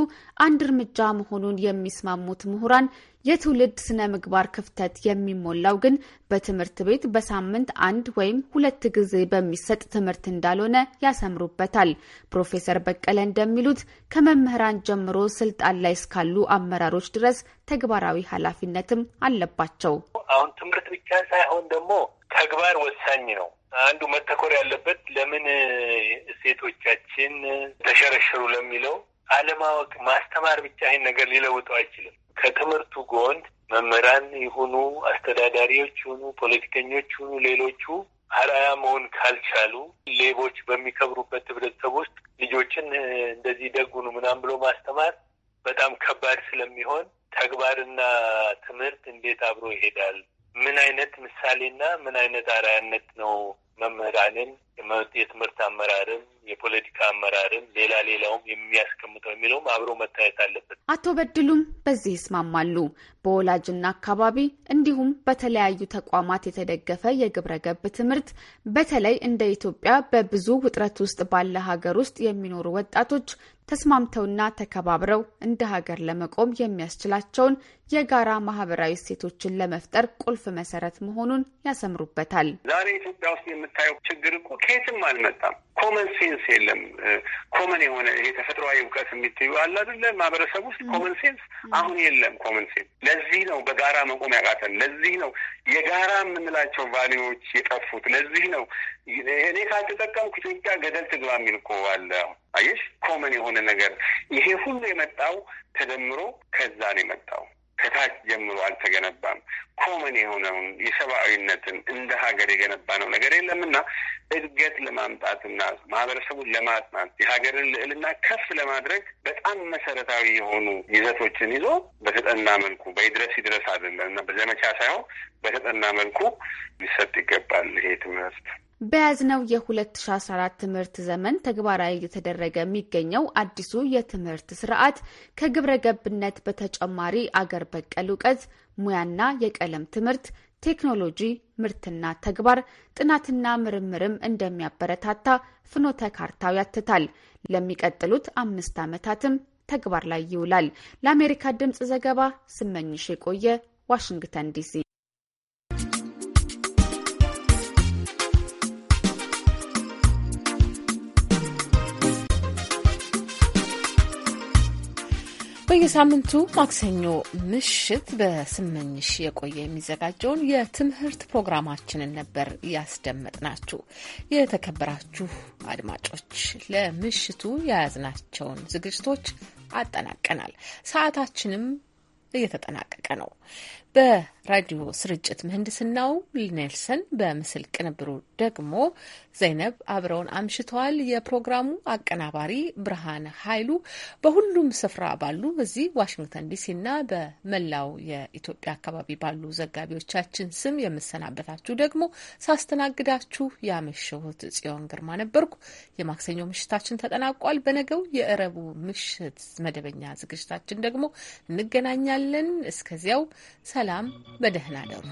አንድ እርምጃ መሆኑን የሚስማሙት ምሁራን የትውልድ ስነ ምግባር ክፍተት የሚሞላው ግን በትምህርት ቤት በሳምንት አንድ ወይም ሁለት ጊዜ በሚሰጥ ትምህርት እንዳልሆነ ያሰምሩበታል። ፕሮፌሰር በቀለ እንደሚሉት ከመምህራን ጀምሮ ስልጣን ላይ እስካሉ አመራሮች ድረስ ተግባራዊ ኃላፊነትም አለባቸው። አሁን ትምህርት ብቻ ሳይሆን ደግሞ ተግባር ወሳኝ ነው። አንዱ መተኮር ያለበት ለምን እሴቶቻችን ተሸረሸሩ ለሚለው አለማወቅ ማስተማር ብቻ ይህን ነገር ሊለውጠው አይችልም። ከትምህርቱ ጎን መምህራን ይሁኑ አስተዳዳሪዎች ይሁኑ ፖለቲከኞች ይሁኑ ሌሎቹ አርአያ መሆን ካልቻሉ ሌቦች በሚከብሩበት ህብረተሰብ ውስጥ ልጆችን እንደዚህ ደጉኑ ምናምን ብሎ ማስተማር በጣም ከባድ ስለሚሆን ተግባርና ትምህርት እንዴት አብሮ ይሄዳል ምን አይነት ምሳሌና ምን አይነት አርአያነት ነው መምህራንን የትምህርት አመራርን የፖለቲካ አመራርን ሌላ ሌላውም የሚያስቀምጠው የሚለውም አብሮ መታየት አለበት። አቶ በድሉም በዚህ ይስማማሉ። በወላጅና አካባቢ እንዲሁም በተለያዩ ተቋማት የተደገፈ የግብረ ገብ ትምህርት በተለይ እንደ ኢትዮጵያ በብዙ ውጥረት ውስጥ ባለ ሀገር ውስጥ የሚኖሩ ወጣቶች ተስማምተውና ተከባብረው እንደ ሀገር ለመቆም የሚያስችላቸውን የጋራ ማህበራዊ እሴቶችን ለመፍጠር ቁልፍ መሰረት መሆኑን ያሰምሩበታል። ዛሬ ኢትዮጵያ ውስጥ የምታየው ችግር እኮ ከየትም አልመጣም። ኮመን ሴንስ የለም። ኮመን የሆነ ይሄ ተፈጥሯዊ እውቀት የሚትዩ አለ አይደለ? ማህበረሰብ ውስጥ ኮመን ሴንስ አሁን የለም። ኮመን ሴንስ ለዚህ ነው በጋራ መቆም ያቃተን። ለዚህ ነው የጋራ የምንላቸው ቫሌዎች የጠፉት። ለዚህ ነው እኔ ካልተጠቀምኩ ኢትዮጵያ ገደል ትግባ የሚል እኮ አለ። አየሽ፣ ኮመን የሆነ ነገር ይሄ ሁሉ የመጣው ተደምሮ ከዛ ነው የመጣው ከታች ጀምሮ አልተገነባም። ኮመን የሆነውን የሰብአዊነትን እንደ ሀገር የገነባ ነው ነገር የለም እድገት ለማምጣትና ማህበረሰቡን ለማጥናት የሀገርን ልዕልና ከፍ ለማድረግ በጣም መሰረታዊ የሆኑ ይዘቶችን ይዞ በተጠና መልኩ በይድረስ ይድረስ አይደለም እና በዘመቻ ሳይሆን በተጠና መልኩ ሊሰጥ ይገባል ይሄ ትምህርት። በያዝነው የ2014 ትምህርት ዘመን ተግባራዊ እየተደረገ የሚገኘው አዲሱ የትምህርት ስርዓት ከግብረ ገብነት በተጨማሪ አገር በቀል እውቀት፣ ሙያና የቀለም ትምህርት፣ ቴክኖሎጂ፣ ምርትና ተግባር፣ ጥናትና ምርምርም እንደሚያበረታታ ፍኖተ ካርታው ያትታል። ለሚቀጥሉት አምስት ዓመታትም ተግባር ላይ ይውላል። ለአሜሪካ ድምፅ ዘገባ ስመኝሽ የቆየ ዋሽንግተን ዲሲ በየሳምንቱ ማክሰኞ ምሽት በስመኝሽ የቆየ የሚዘጋጀውን የትምህርት ፕሮግራማችንን ነበር ያስደመጥናችሁ። የተከበራችሁ አድማጮች ለምሽቱ የያዝናቸውን ዝግጅቶች አጠናቀናል። ሰዓታችንም እየተጠናቀቀ ነው። በራዲዮ ስርጭት ምህንድስናው ኔልሰን፣ በምስል ቅንብሩ ደግሞ ዘይነብ አብረውን አምሽተዋል። የፕሮግራሙ አቀናባሪ ብርሃን ኃይሉ በሁሉም ስፍራ ባሉ እዚህ ዋሽንግተን ዲሲ እና በመላው የኢትዮጵያ አካባቢ ባሉ ዘጋቢዎቻችን ስም የምሰናበታችሁ ደግሞ ሳስተናግዳችሁ ያመሸሁት ጽዮን ግርማ ነበርኩ። የማክሰኞ ምሽታችን ተጠናቋል። በነገው የእረቡ ምሽት መደበኛ ዝግጅታችን ደግሞ እንገናኛለን። እስከዚያው ሰላም፣ በደህና ደሩ።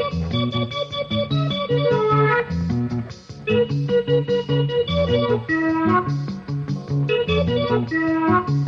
Thank you. Thank you.